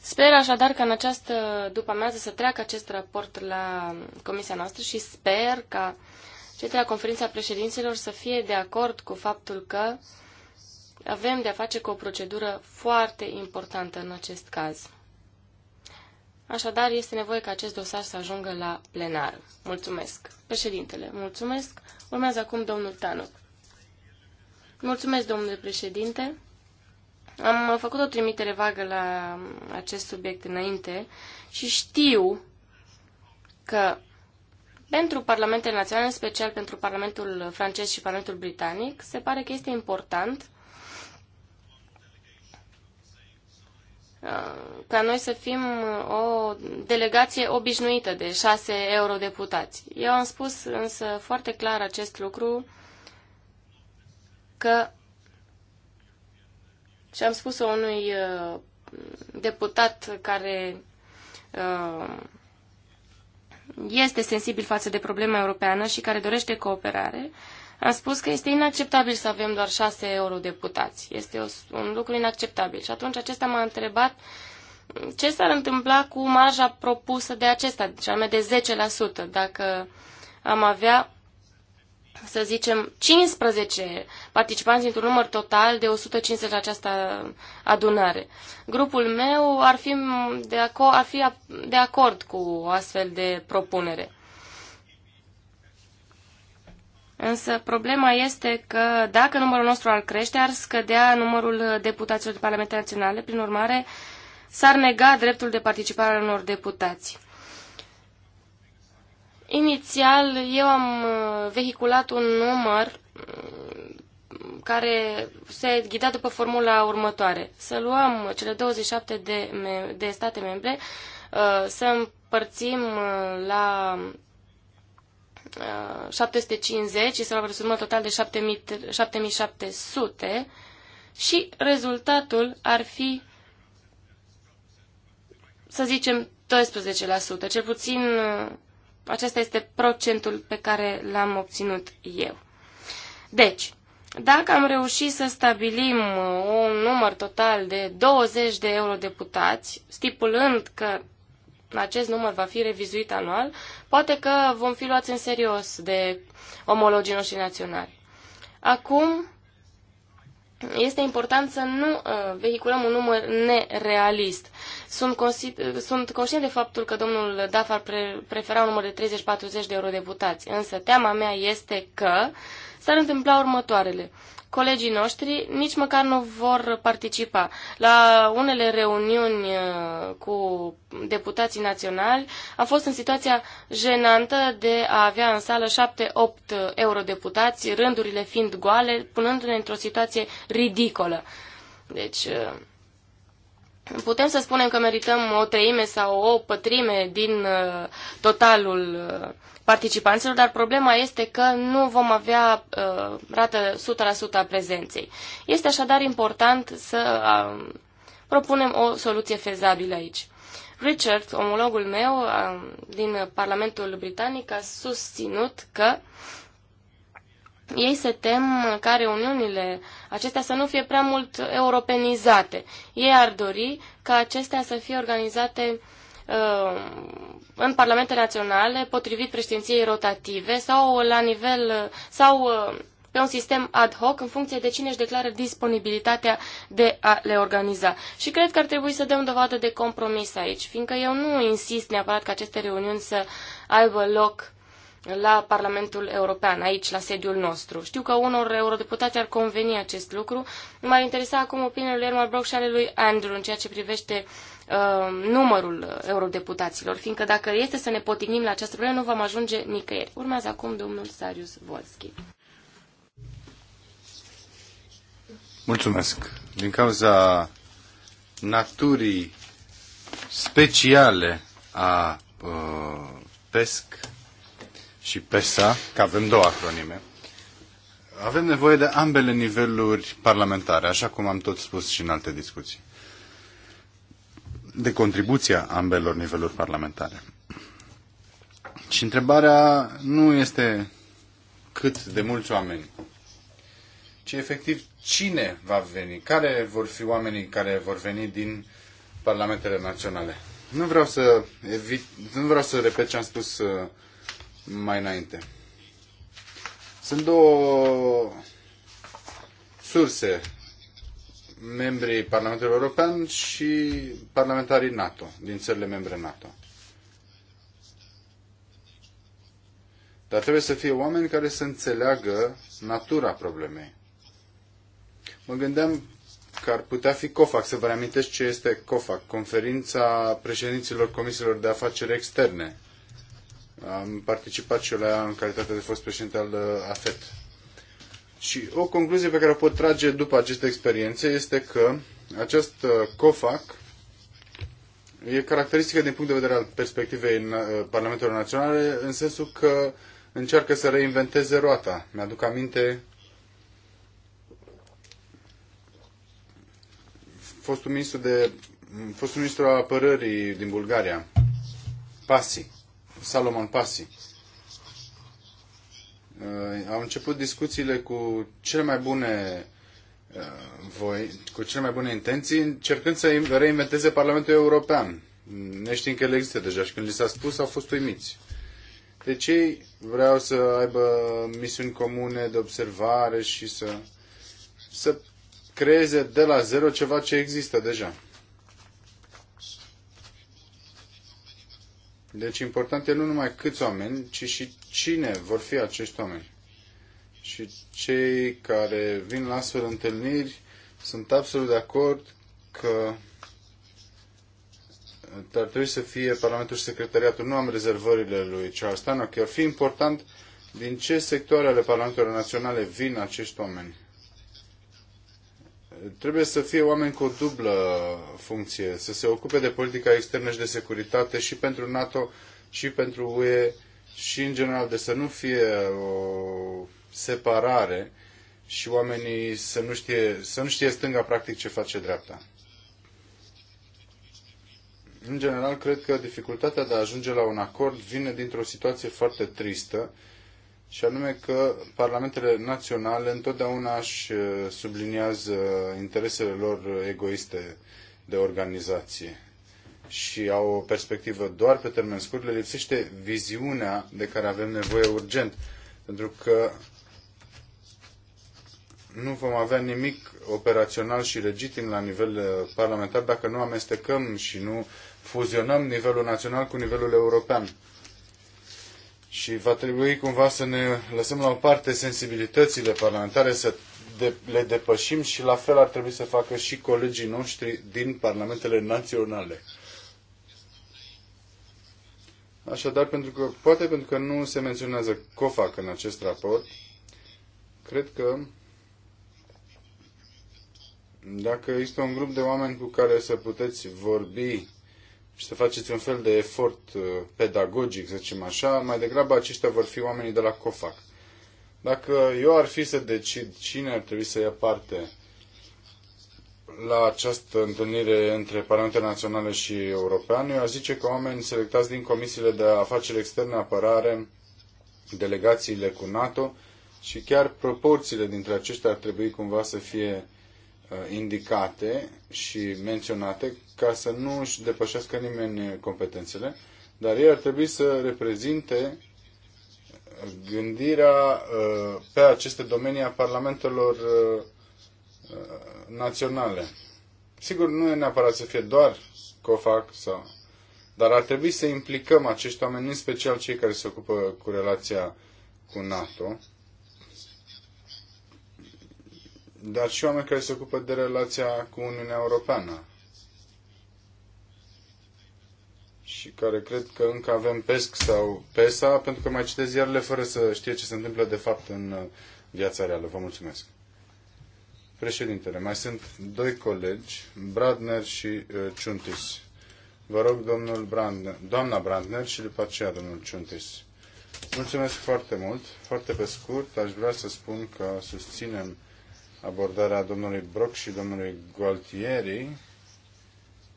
[SPEAKER 3] Sper așadar că în această după amiază să treacă acest raport la comisia noastră și sper ca cei de la conferința președinților să fie de acord cu faptul că avem de a face cu o procedură foarte importantă în acest caz. Așadar, este nevoie ca acest dosar să ajungă la plenar. Mulțumesc. Președintele, mulțumesc. Urmează acum domnul Tanuc. Mulțumesc, domnule președinte. Am făcut o trimitere vagă la acest subiect înainte și știu că pentru parlamentele naționale, în special pentru Parlamentul francez și Parlamentul britanic, se pare că este important ca noi să fim uh, o delegație obișnuită de șase eurodeputați. Eu am spus însă foarte clar acest lucru că și am spus-o unui uh, deputat care uh, este sensibil față de problema europeană și care dorește cooperare, am spus că este inacceptabil să avem doar șase eurodeputați. Este un lucru inacceptabil. Și atunci acesta m-a întrebat ce s-ar întâmpla cu marja propusă de acesta, deci anume de 10%, dacă am avea, să zicem, 15 participanți într-un număr total de 150 la această adunare. Grupul meu ar fi de, aco- ar fi de acord cu o astfel de propunere. Însă problema este că dacă numărul nostru ar crește, ar scădea numărul deputaților din Parlamentele Naționale, prin urmare s-ar nega dreptul de participare al unor deputați. Inițial, eu am vehiculat un număr care se ghida după formula următoare. Să luăm cele 27 de, de state membre, uh, să împărțim uh, la 750 și se va presupune total de 7700 și rezultatul ar fi, să zicem, 12%. Cel puțin uh, acesta este procentul pe care l-am obținut eu. Deci, dacă am reușit să stabilim uh, un număr total de 20 de eurodeputați, stipulând că acest număr va fi revizuit anual, poate că vom fi luați în serios de omologii noștri naționali. Acum, este important să nu uh, vehiculăm un număr nerealist. Sunt, sunt conștient de faptul că domnul Daf ar pre- prefera un număr de 30-40 de eurodeputați, însă teama mea este că s-ar întâmpla următoarele colegii noștri nici măcar nu vor participa. La unele reuniuni uh, cu deputații naționali am fost în situația jenantă de a avea în sală 7-8 eurodeputați, rândurile fiind goale, punându-ne într-o situație ridicolă. Deci, uh, putem să spunem că merităm o treime sau o pătrime din uh, totalul participanților, dar problema este că nu vom avea uh, rată 100% a prezenței. Este așadar important să uh, propunem o soluție fezabilă aici. Richard, omologul meu uh, din Parlamentul Britanic, a susținut că ei se tem ca reuniunile acestea să nu fie prea mult europenizate. Ei ar dori ca acestea să fie organizate uh, în parlamente naționale, potrivit președinției rotative sau la nivel sau uh, pe un sistem ad hoc în funcție de cine își declară disponibilitatea de a le organiza. Și cred că ar trebui să dăm dovadă de compromis aici, fiindcă eu nu insist neapărat ca aceste reuniuni să aibă loc la Parlamentul European, aici, la sediul nostru. Știu că unor eurodeputați ar conveni acest lucru. M-ar interesa acum opiniile lui Elmar Brock și ale lui Andrew în ceea ce privește Um, numărul eurodeputaților, fiindcă dacă este să ne potignim la această problemă, nu vom ajunge nicăieri. Urmează acum domnul Sarius Volski.
[SPEAKER 1] Mulțumesc. Din cauza naturii speciale a uh, PESC și PESA, că avem două acronime, avem nevoie de ambele niveluri parlamentare, așa cum am tot spus și în alte discuții de contribuția ambelor niveluri parlamentare. Și întrebarea nu este cât de mulți oameni, ci efectiv cine va veni, care vor fi oamenii care vor veni din parlamentele naționale. Nu vreau să, evit, nu vreau să repet ce am spus uh, mai înainte. Sunt două surse membrii Parlamentului European și parlamentarii NATO, din țările membre NATO. Dar trebuie să fie oameni care să înțeleagă natura problemei. Mă gândeam că ar putea fi COFAC, să vă reamintesc ce este COFAC, Conferința Președinților Comisiilor de Afaceri Externe. Am participat și eu la ea în calitate de fost președinte al uh, AFET. Și o concluzie pe care o pot trage după aceste experiențe este că acest uh, COFAC e caracteristică din punct de vedere al perspectivei uh, Parlamentului Național în sensul că încearcă să reinventeze roata. Mi-aduc aminte fostul ministru, de, fostul ministru al apărării din Bulgaria, Pasi, Salomon Pasi, Uh, au început discuțiile cu cele mai bune uh, voi, cu cele mai bune intenții, încercând să reinventeze Parlamentul European. Ne știm că el există deja și când li s-a spus, au fost uimiți. Deci ei vreau să aibă misiuni comune de observare și să, să creeze de la zero ceva ce există deja. Deci important e nu numai câți oameni, ci și cine vor fi acești oameni. Și cei care vin la astfel întâlniri sunt absolut de acord că ar trebui să fie Parlamentul și Secretariatul. Nu am rezervările lui Charles Tannock. Ar fi important din ce sectoare ale Parlamentelor Naționale vin acești oameni trebuie să fie oameni cu o dublă funcție, să se ocupe de politica externă și de securitate și pentru NATO și pentru UE și în general, de să nu fie o separare și oamenii să nu știe, să nu știe stânga practic ce face dreapta. În general, cred că dificultatea de a ajunge la un acord vine dintr-o situație foarte tristă și anume că parlamentele naționale întotdeauna își uh, subliniază interesele lor egoiste de organizație și au o perspectivă doar pe termen scurt, le lipsește viziunea de care avem nevoie urgent, pentru că nu vom avea nimic operațional și legitim la nivel uh, parlamentar dacă nu amestecăm și nu fuzionăm nivelul național cu nivelul european și va trebui cumva să ne lăsăm la o parte sensibilitățile parlamentare, să le depășim și la fel ar trebui să facă și colegii noștri din parlamentele naționale. Așadar, pentru că, poate pentru că nu se menționează COFAC în acest raport, cred că dacă există un grup de oameni cu care să puteți vorbi și să faceți un fel de efort uh, pedagogic, să zicem așa, mai degrabă aceștia vor fi oamenii de la COFAC. Dacă eu ar fi să decid cine ar trebui să ia parte la această întâlnire între Parlamentul Naționale și European, eu aș zice că oameni selectați din comisiile de afaceri externe, apărare, delegațiile cu NATO și chiar proporțiile dintre aceștia ar trebui cumva să fie Uh, indicate și menționate ca să nu își depășească nimeni competențele, dar ei ar trebui să reprezinte gândirea uh, pe aceste domenii a parlamentelor uh, naționale. Sigur, nu e neapărat să fie doar COFAC sau... Dar ar trebui să implicăm acești oameni, în special cei care se ocupă cu relația cu NATO, dar și oameni care se ocupă de relația cu Uniunea Europeană și care cred că încă avem PESC sau PESA, pentru că mai citesc ziarele fără să știe ce se întâmplă de fapt în uh, viața reală. Vă mulțumesc. Președintele, mai sunt doi colegi, Bradner și uh, Ciuntis. Vă rog, domnul Brandner, doamna Brandner și după aceea domnul Ciuntis. Mulțumesc foarte mult. Foarte pe scurt, aș vrea să spun că susținem abordarea domnului Brock și domnului Gualtieri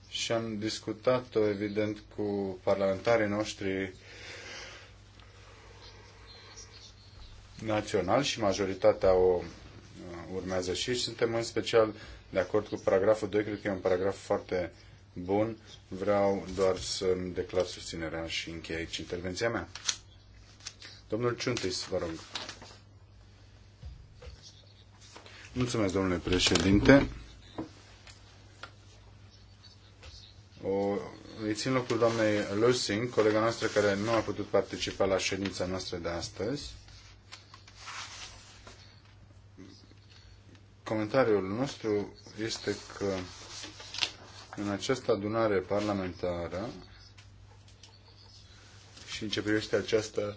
[SPEAKER 1] și am discutat-o, evident, cu parlamentarii noștri național și majoritatea o uh, urmează și, și suntem în special de acord cu paragraful 2, cred că e un paragraf foarte bun. Vreau doar să-mi declar susținerea și închei aici intervenția mea. Domnul Ciuntis, vă rog. Mulțumesc, domnule președinte. O, îi țin locul doamnei Lusing, colega noastră care nu a putut participa la ședința noastră de astăzi. Comentariul nostru este că în această adunare parlamentară și în ce privește această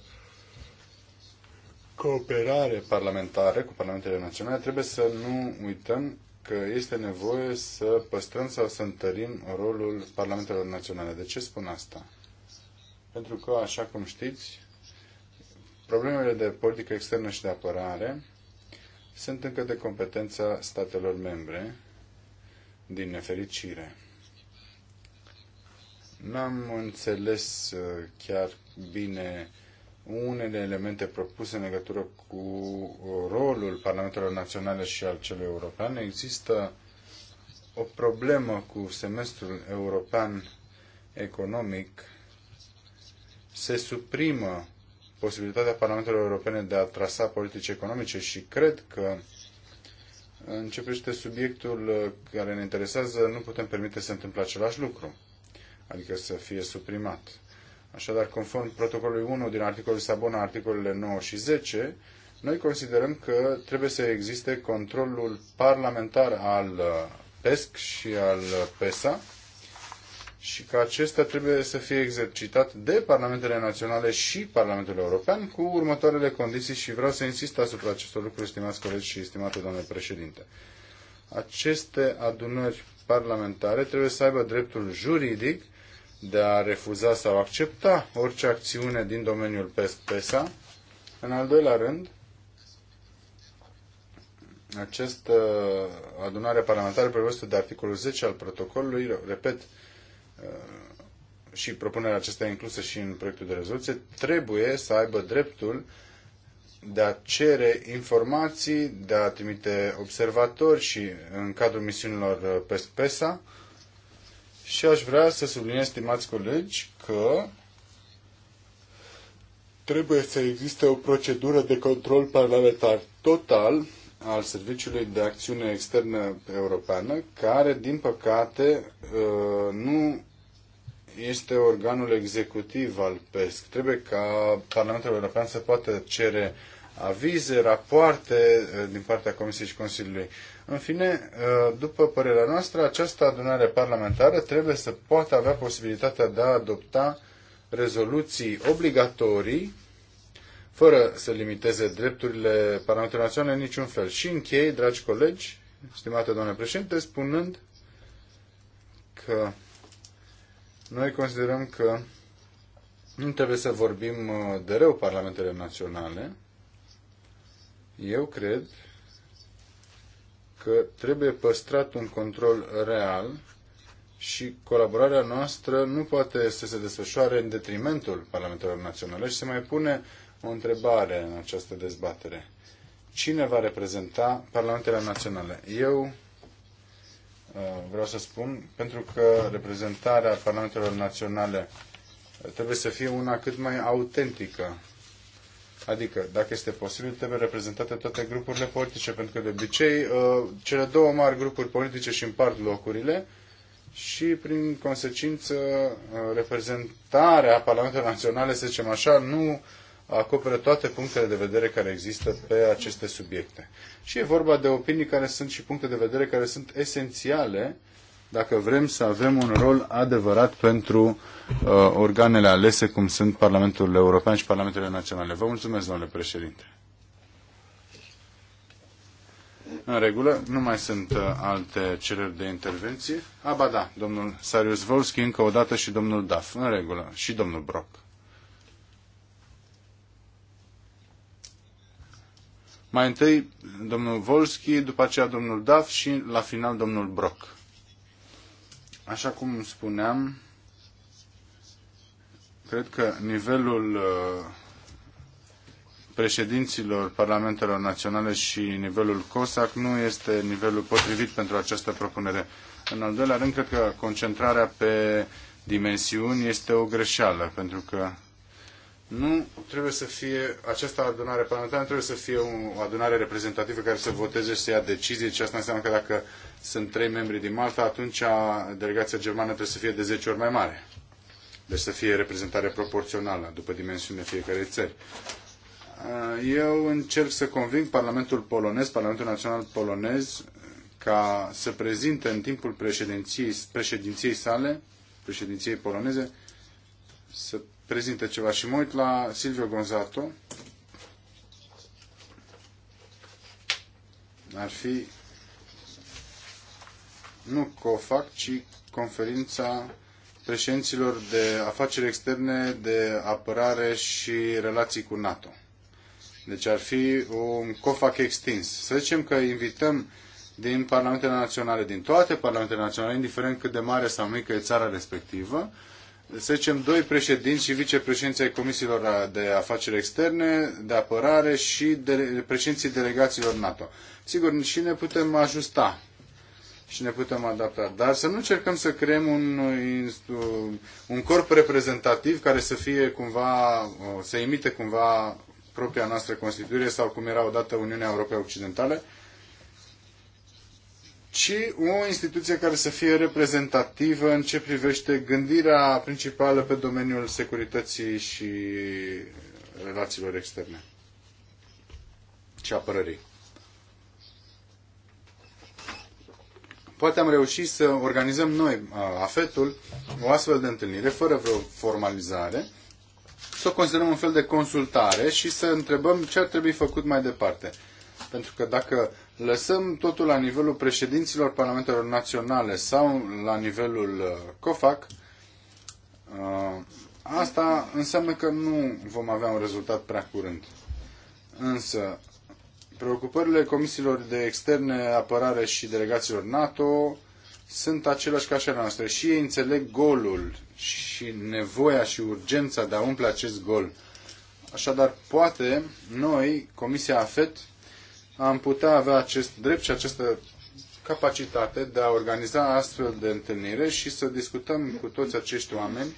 [SPEAKER 1] cooperare parlamentară cu parlamentele naționale, trebuie să nu uităm că este nevoie să păstrăm sau să întărim rolul parlamentelor naționale. De ce spun asta? Pentru că, așa cum știți, problemele de politică externă și de apărare sunt încă de competența statelor membre, din nefericire. N-am înțeles uh, chiar bine unele elemente propuse în legătură cu uh, rolul Parlamentelor Naționale și al celui european. Există o problemă cu semestrul european economic. Se suprimă posibilitatea Parlamentelor Europene de a trasa politici economice și cred că începește subiectul uh, care ne interesează, nu putem permite să se întâmple același lucru, adică să fie suprimat. Așadar, conform protocolului 1 din articolul Sabona, articolele 9 și 10, noi considerăm că trebuie să existe controlul parlamentar al uh, PESC și al uh, PESA și că acesta trebuie să fie exercitat de Parlamentele Naționale și Parlamentul European cu următoarele condiții și vreau să insist asupra acestor lucruri, stimați colegi și stimate doamne președinte. Aceste adunări parlamentare trebuie să aibă dreptul juridic de a refuza sau accepta orice acțiune din domeniul PESA. În al doilea rând, această uh, adunare parlamentară prevăzută de articolul 10 al protocolului, repet, uh, și propunerea acesta inclusă și în proiectul de rezoluție, trebuie să aibă dreptul de a cere informații, de a trimite observatori și în cadrul misiunilor uh, PESA, și aș vrea să subliniez, stimați colegi, că trebuie să existe o procedură de control parlamentar total al Serviciului de Acțiune Externă Europeană, care, din păcate, ă, nu este organul executiv al PESC. Trebuie ca Parlamentul European să poată cere avize, rapoarte ă, din partea Comisiei și Consiliului. În fine, uh, după părerea noastră, această adunare parlamentară trebuie să poată avea posibilitatea de a adopta rezoluții obligatorii fără să limiteze drepturile Parlamentului Național în niciun fel. Și închei, dragi colegi, stimate doamne președinte, spunând că noi considerăm că nu trebuie să vorbim uh, de rău Parlamentele Naționale. Eu cred că trebuie păstrat un control real și colaborarea noastră nu poate să se desfășoare în detrimentul Parlamentelor Naționale și se mai pune o întrebare în această dezbatere. Cine va reprezenta Parlamentele Naționale? Eu uh, vreau să spun, pentru că reprezentarea Parlamentelor Naționale trebuie să fie una cât mai autentică Adică, dacă este posibil, trebuie reprezentate toate grupurile politice, pentru că de obicei uh, cele două mari grupuri politice și împart locurile și, prin consecință, uh, reprezentarea parlamentului național să zicem așa, nu acoperă toate punctele de vedere care există pe aceste subiecte. Și e vorba de opinii care sunt și puncte de vedere care sunt esențiale uh, dacă vrem să avem un rol adevărat pentru uh, organele alese, cum sunt Parlamentul European și Parlamentele Naționale. Vă mulțumesc, domnule președinte. În regulă, nu mai sunt uh, alte cereri de intervenție. Aba da, domnul Sarius Volski încă o dată și domnul Daf. În regulă, și domnul Brock. Mai întâi domnul Volski, după aceea domnul Daf și la final domnul Brock. Așa cum spuneam, cred că nivelul uh, președinților parlamentelor naționale și nivelul COSAC nu este nivelul potrivit pentru această propunere. În al doilea rând, cred că concentrarea pe dimensiuni este o greșeală, pentru că nu trebuie să fie, această adunare parlamentară nu trebuie să fie o adunare reprezentativă care să voteze și să ia decizii, și asta înseamnă că dacă sunt trei membri din Malta, atunci delegația germană trebuie să fie de 10 ori mai mare. Deci să fie reprezentare proporțională după dimensiunea fiecarei țări. Eu încerc să conving Parlamentul polonez, Parlamentul Național polonez, ca să prezinte în timpul președinției, președinției sale, președinției poloneze, să prezinte ceva și mă uit la Silvio Gonzato. Ar fi nu COFAC, ci conferința președinților de afaceri externe, de apărare și relații cu NATO. Deci ar fi un COFAC extins. Să zicem că invităm din parlamentele naționale, din toate parlamentele naționale, indiferent cât de mare sau mică e țara respectivă, să zicem, doi președinți și vicepreședinții ai Comisiilor de Afaceri Externe, de Apărare și de, președinții delegațiilor NATO. Sigur, și ne putem ajusta și ne putem adapta. Dar să nu încercăm să creăm un, un corp reprezentativ care să fie cumva, să imite cumva propria noastră Constituție sau cum era odată Uniunea Europeană Occidentală, ci o instituție care să fie reprezentativă în ce privește gândirea principală pe domeniul securității și relațiilor externe și apărării. Poate am reușit să organizăm noi, AFET-ul, o astfel de întâlnire, fără vreo formalizare, să o considerăm un fel de consultare și să întrebăm ce ar trebui făcut mai departe. Pentru că dacă lăsăm totul la nivelul președinților parlamentelor naționale sau la nivelul uh, COFAC, uh, asta înseamnă că nu vom avea un rezultat prea curând. Însă, preocupările comisiilor de externe, apărare și delegațiilor NATO sunt aceleași ca și ale noastre și ei înțeleg golul și nevoia și urgența de a umple acest gol. Așadar, poate noi, Comisia AFET, am putea avea acest drept și această capacitate de a organiza astfel de întâlnire și să discutăm cu toți acești oameni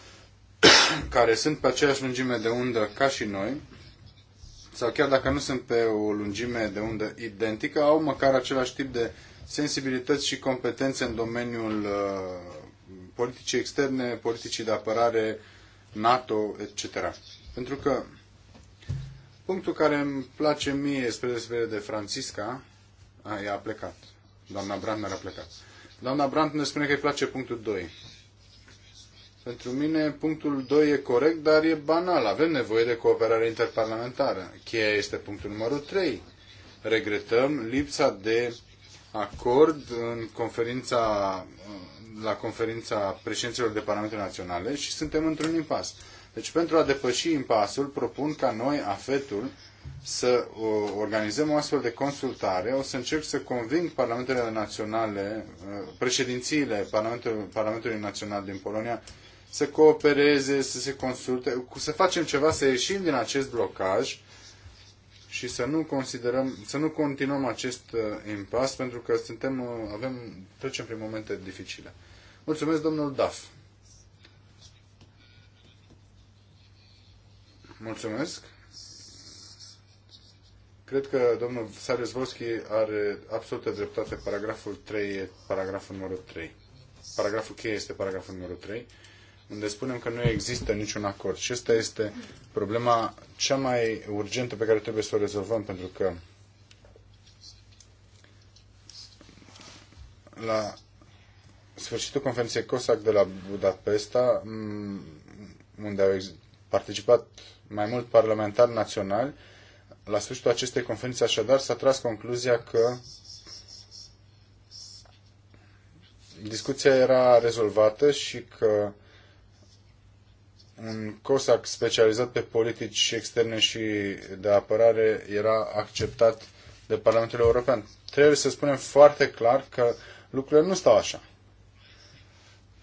[SPEAKER 1] care sunt pe aceeași lungime de undă ca și noi, sau chiar dacă nu sunt pe o lungime de undă identică, au măcar același tip de sensibilități și competențe în domeniul uh, politicii externe, politicii de apărare, NATO, etc. Pentru că Punctul care îmi place mie spre despre de Francisca, a, ea a plecat. Doamna Brandner a plecat. Doamna Brandt ne spune că îi place punctul 2. Pentru mine punctul 2 e corect, dar e banal. Avem nevoie de cooperare interparlamentară. Cheia este punctul numărul 3. Regretăm lipsa de acord în conferința, la conferința președinților de parlamente naționale și suntem într-un impas. Deci pentru a depăși impasul, propun ca noi, afetul, să uh, organizăm o astfel de consultare. O să încerc să conving parlamentele naționale, uh, președințiile Parlamentului, Parlamentului Național din Polonia să coopereze, să se consulte, să facem ceva, să ieșim din acest blocaj și să nu considerăm, să nu continuăm acest uh, impas pentru că suntem, avem, trecem prin momente dificile. Mulțumesc, domnul Daf. Mulțumesc. Cred că domnul Sarius are absolută dreptate. Paragraful 3 e paragraful numărul 3. Paragraful cheie este paragraful numărul 3, unde spunem că nu există niciun acord. Și asta este problema cea mai urgentă pe care trebuie să o rezolvăm, pentru că la sfârșitul conferinței COSAC de la Budapesta, unde au participat mai mult parlamentari naționali. La sfârșitul acestei conferințe, așadar, s-a tras concluzia că discuția era rezolvată și că un COSAC specializat pe politici externe și de apărare era acceptat de Parlamentul European. Trebuie să spunem foarte clar că lucrurile nu stau așa.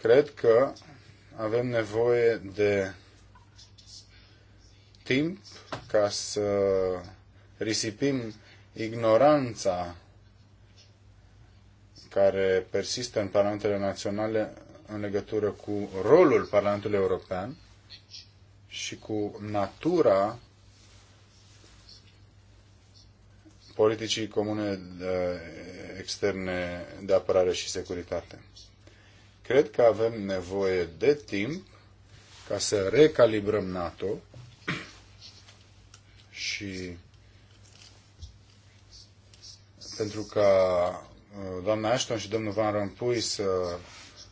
[SPEAKER 1] Cred că avem nevoie de timp ca să risipim ignoranța care persistă în parlamentele naționale în legătură cu rolul Parlamentului European și cu natura politicii comune de externe de apărare și securitate. Cred că avem nevoie de timp ca să recalibrăm NATO și pentru ca uh, doamna Ashton și domnul Van Rompuy să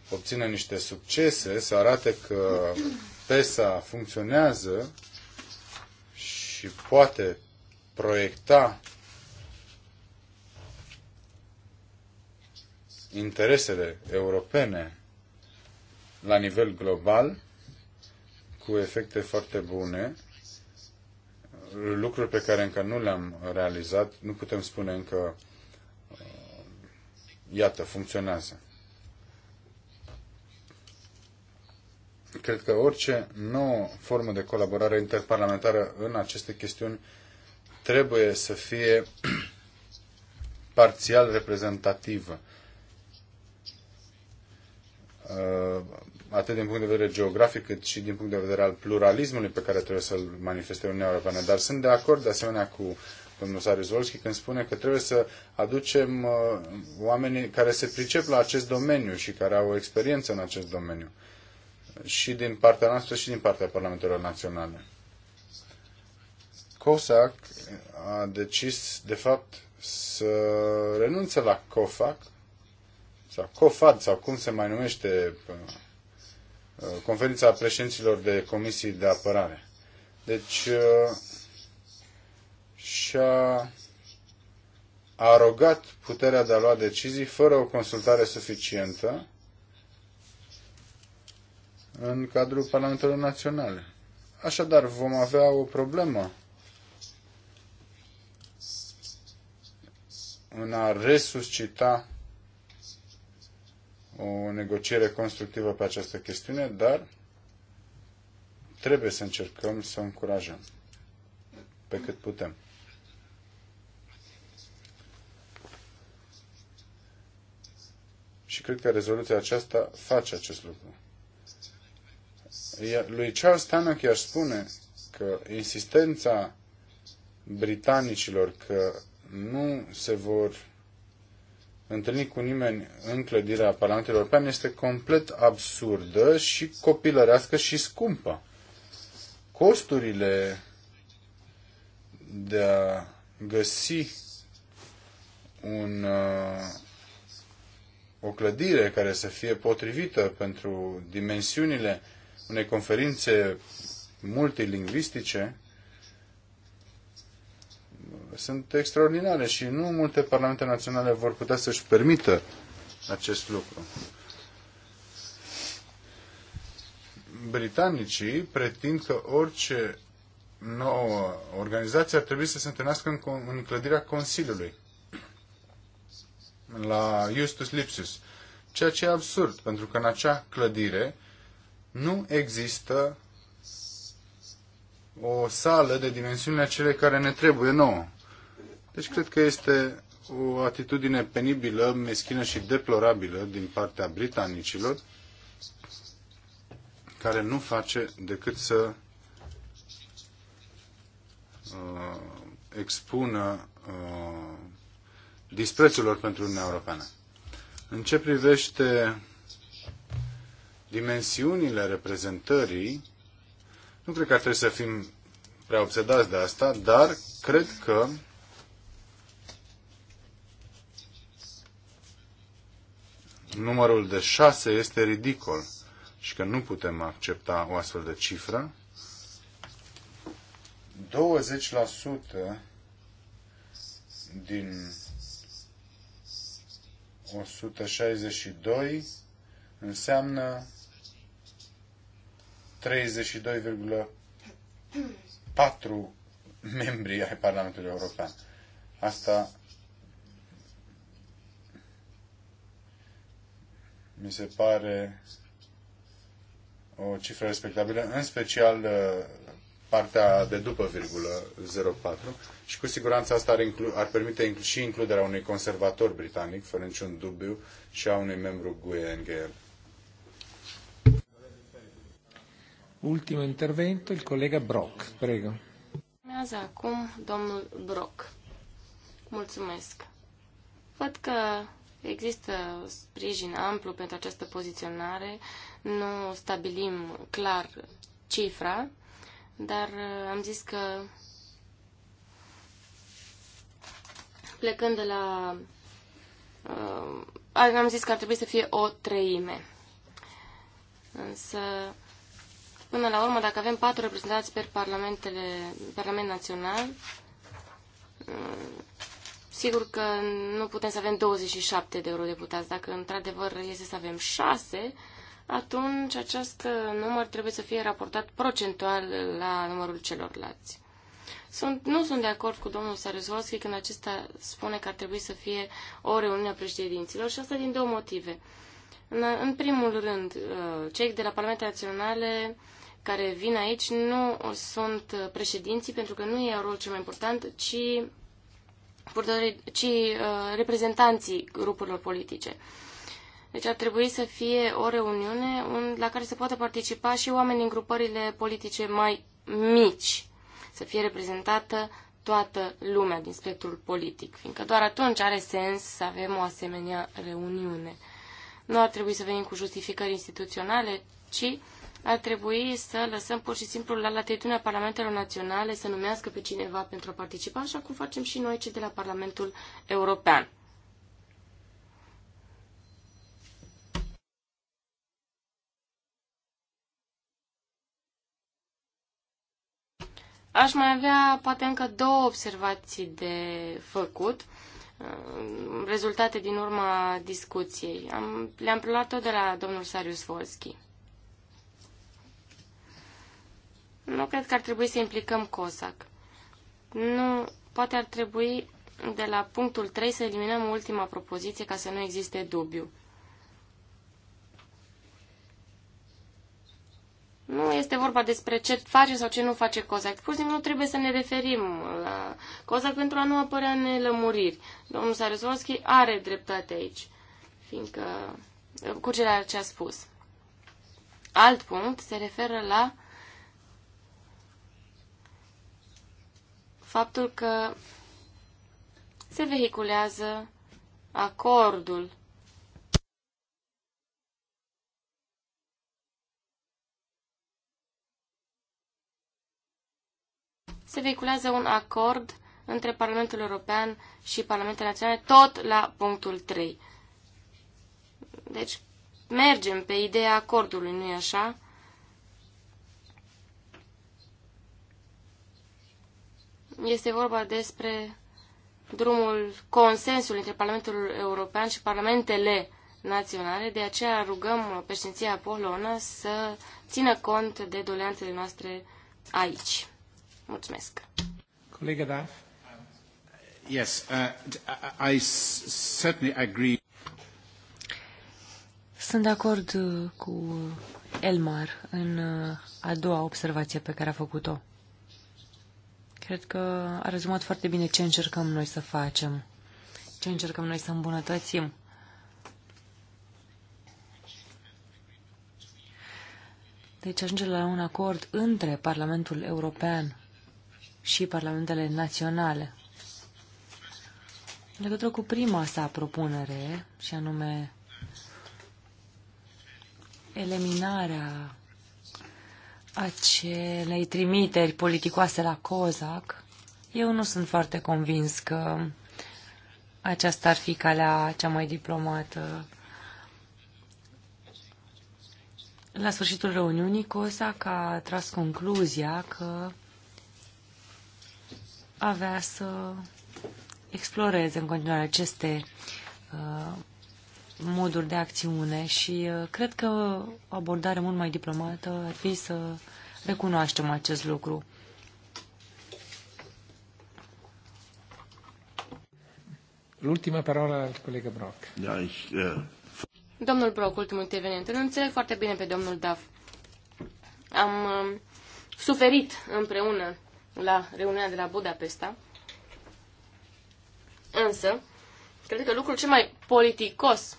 [SPEAKER 1] obțină niște succese, să arate că PESA funcționează și poate proiecta interesele europene la nivel global cu efecte foarte bune lucruri pe care încă nu le-am realizat, nu putem spune încă, uh, iată, funcționează. Cred că orice nouă formă de colaborare interparlamentară în aceste chestiuni trebuie să fie parțial reprezentativă uh, atât din punct de vedere geografic, cât și din punct de vedere al pluralismului pe care trebuie să-l manifeste Uniunea Europeană. Dar sunt de acord, de asemenea, cu domnul Sarizolski când spune că trebuie să aducem uh, oamenii care se pricep la acest domeniu și care au o experiență în acest domeniu și din partea noastră și din partea Parlamentelor Naționale. COSAC a decis, de fapt, să renunțe la COFAC sau COFAD sau cum se mai numește Uh, conferința președinților de comisii de apărare. Deci uh, și-a arogat puterea de a lua decizii fără o consultare suficientă în cadrul Parlamentelor Naționale. Așadar, vom avea o problemă în a resuscita o negociere constructivă pe această chestiune, dar trebuie să încercăm să încurajăm pe cât putem. Și cred că rezoluția aceasta face acest lucru. Lui Charles Tannock i-aș spune că insistența britanicilor că nu se vor întâlni cu nimeni în clădirea Parlamentului European este complet absurdă și copilărească și scumpă. Costurile de a găsi un, uh, o clădire care să fie potrivită pentru dimensiunile unei conferințe multilingvistice sunt extraordinare și nu multe parlamente naționale vor putea să-și permită acest lucru. Britanicii pretind că orice nouă organizație ar trebui să se întâlnească în, în clădirea Consiliului la Justus Lipsius, ceea ce e absurd, pentru că în acea clădire nu există o sală de dimensiunile acele care ne trebuie nouă. Deci cred că este o atitudine penibilă, meschină și deplorabilă din partea britanicilor, care nu face decât să uh, expună uh, lor pentru Uniunea Europeană. În ce privește dimensiunile reprezentării, nu cred că ar trebui să fim prea obsedați de asta, dar cred că numărul de șase este ridicol și că nu putem accepta o astfel de cifră. 20% din 162 înseamnă 32,4 membri ai Parlamentului European. Asta Mi se pare o cifră respectabilă, în special uh, partea de după virgulă 04 și cu siguranță asta ar, inclu- ar permite inclu- și includerea unui conservator britanic, fără niciun dubiu, și a unui membru GUE NGL. Ultimul intervento, il colega Brock, prego.
[SPEAKER 3] Urmează acum domnul Brock. Mulțumesc. Văd că Există sprijin amplu pentru această poziționare, nu stabilim clar cifra, dar uh, am zis că plecând de la... Uh, am zis că ar trebui să fie o treime. Însă, până la urmă, dacă avem patru reprezentanți per parlamentele, Parlament Național, uh, Sigur că nu putem să avem 27 de eurodeputați. Dacă într-adevăr este să avem 6, atunci acest număr trebuie să fie raportat procentual la numărul celorlalți. Sunt, nu sunt de acord cu domnul Sarezovski când acesta spune că ar trebui să fie o reuniune a președinților și asta din două motive. În, în primul rând, uh, cei de la Parlamentele Naționale care vin aici nu sunt președinții pentru că nu e rolul cel mai important, ci ci uh, reprezentanții grupurilor politice. Deci ar trebui să fie o reuniune la care să poată participa și oameni din grupările politice mai mici, să fie reprezentată toată lumea din spectrul politic, fiindcă doar atunci are sens să avem o asemenea reuniune. Nu ar trebui să venim cu justificări instituționale, ci ar trebui să lăsăm pur și simplu la latitudinea Parlamentelor Naționale să numească pe cineva pentru a participa, așa cum facem și noi cei de la Parlamentul European. Aș mai avea poate încă două observații de făcut, uh, rezultate din urma discuției. Am, le-am preluat tot de la domnul Sarius Volski. Nu cred că ar trebui să implicăm COSAC. Nu, poate ar trebui de la punctul 3 să eliminăm ultima propoziție ca să nu existe dubiu. Nu este vorba despre ce face sau ce nu face COSAC. Pur și simplu trebuie să ne referim la COSAC pentru a nu apărea nelămuriri. Domnul Sarezovski are dreptate aici, fiindcă cu ce a spus. Alt punct se referă la faptul că se vehiculează acordul se vehiculează un acord între Parlamentul European și Parlamentele Naționale, tot la punctul 3. Deci, mergem pe ideea acordului, nu-i așa? Este vorba despre drumul consensului între Parlamentul European și Parlamentele naționale, de aceea rugăm președinția polonă să țină cont de doleanțele noastre aici.
[SPEAKER 1] Mulțumesc. Colega Daf? Yes, uh, I certainly agree.
[SPEAKER 2] Sunt de acord cu Elmar în uh, a doua observație pe care a făcut-o. Cred că a rezumat foarte bine ce încercăm noi să facem, ce încercăm noi să îmbunătățim. Deci ajunge la un acord între Parlamentul European și Parlamentele Naționale. În legătură cu prima sa propunere, și anume eliminarea acelei trimiteri politicoase la COZAC, eu nu sunt foarte convins că aceasta ar fi calea cea mai diplomată. La sfârșitul reuniunii, Cozac a tras concluzia că avea să exploreze în continuare aceste uh, moduri de acțiune și uh, cred că o abordare mult mai diplomată ar fi să recunoaștem acest lucru. L'ultima parola al colegă Brock. Da, ich,
[SPEAKER 3] uh... Domnul Brock, ultimul intervenient. Îl înțeleg foarte bine pe domnul Daf. Am uh, suferit împreună la reuniunea de la Budapesta, însă Cred că lucrul cel mai politicos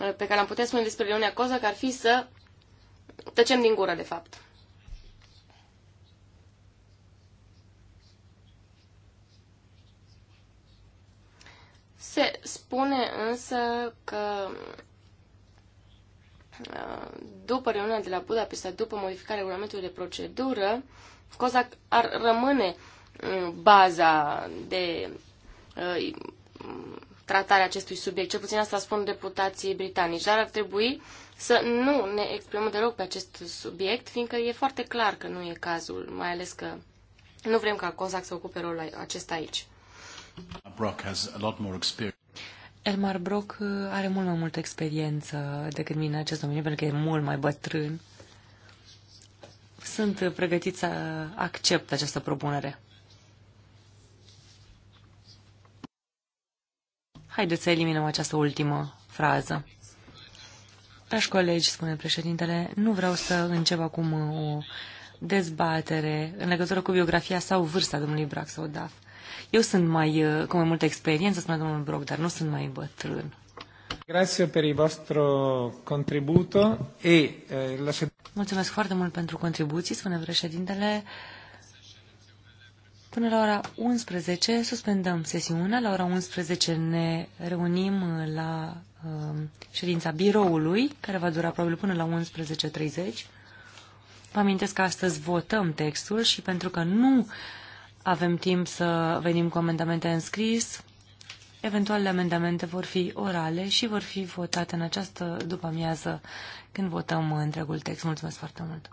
[SPEAKER 3] uh, pe care am putea spune despre Leonea că ar fi să tăcem din gură, de fapt. Se spune însă că uh, după reuniunea de la Budapesta, după modificarea regulamentului de procedură, Coza ar rămâne baza de uh, tratarea acestui subiect. Cel puțin asta spun deputații britanici. Dar ar trebui să nu ne exprimăm deloc pe acest subiect, fiindcă e foarte clar că nu e cazul, mai ales că nu vrem ca COSAC să ocupe rolul acesta aici.
[SPEAKER 1] Brock has a lot more
[SPEAKER 2] Elmar Brock uh, are mult mai multă experiență decât mine în acest domeniu, pentru că e mult mai bătrân. Sunt pregătit să accept această propunere. Haideți să eliminăm această ultimă frază. Dragi colegi, spune președintele, nu vreau să încep acum o dezbatere în legătură cu biografia sau vârsta domnului Brac sau DAF. Eu sunt mai, uh, cu mai multă experiență, spune domnul Brock, dar nu sunt mai bătrân.
[SPEAKER 1] Grazie per il vostro contributo e eh, la... Mulțumesc foarte mult
[SPEAKER 2] pentru contribuții, spune președintele. Până la ora 11 suspendăm sesiunea, la ora 11 ne reunim la uh, ședința biroului, care va dura probabil până la 11.30. Vă amintesc că astăzi votăm textul și pentru că nu avem timp să venim cu amendamente în scris, eventualele amendamente vor fi orale și vor fi votate în această după amiază când votăm întregul text. Mulțumesc foarte mult!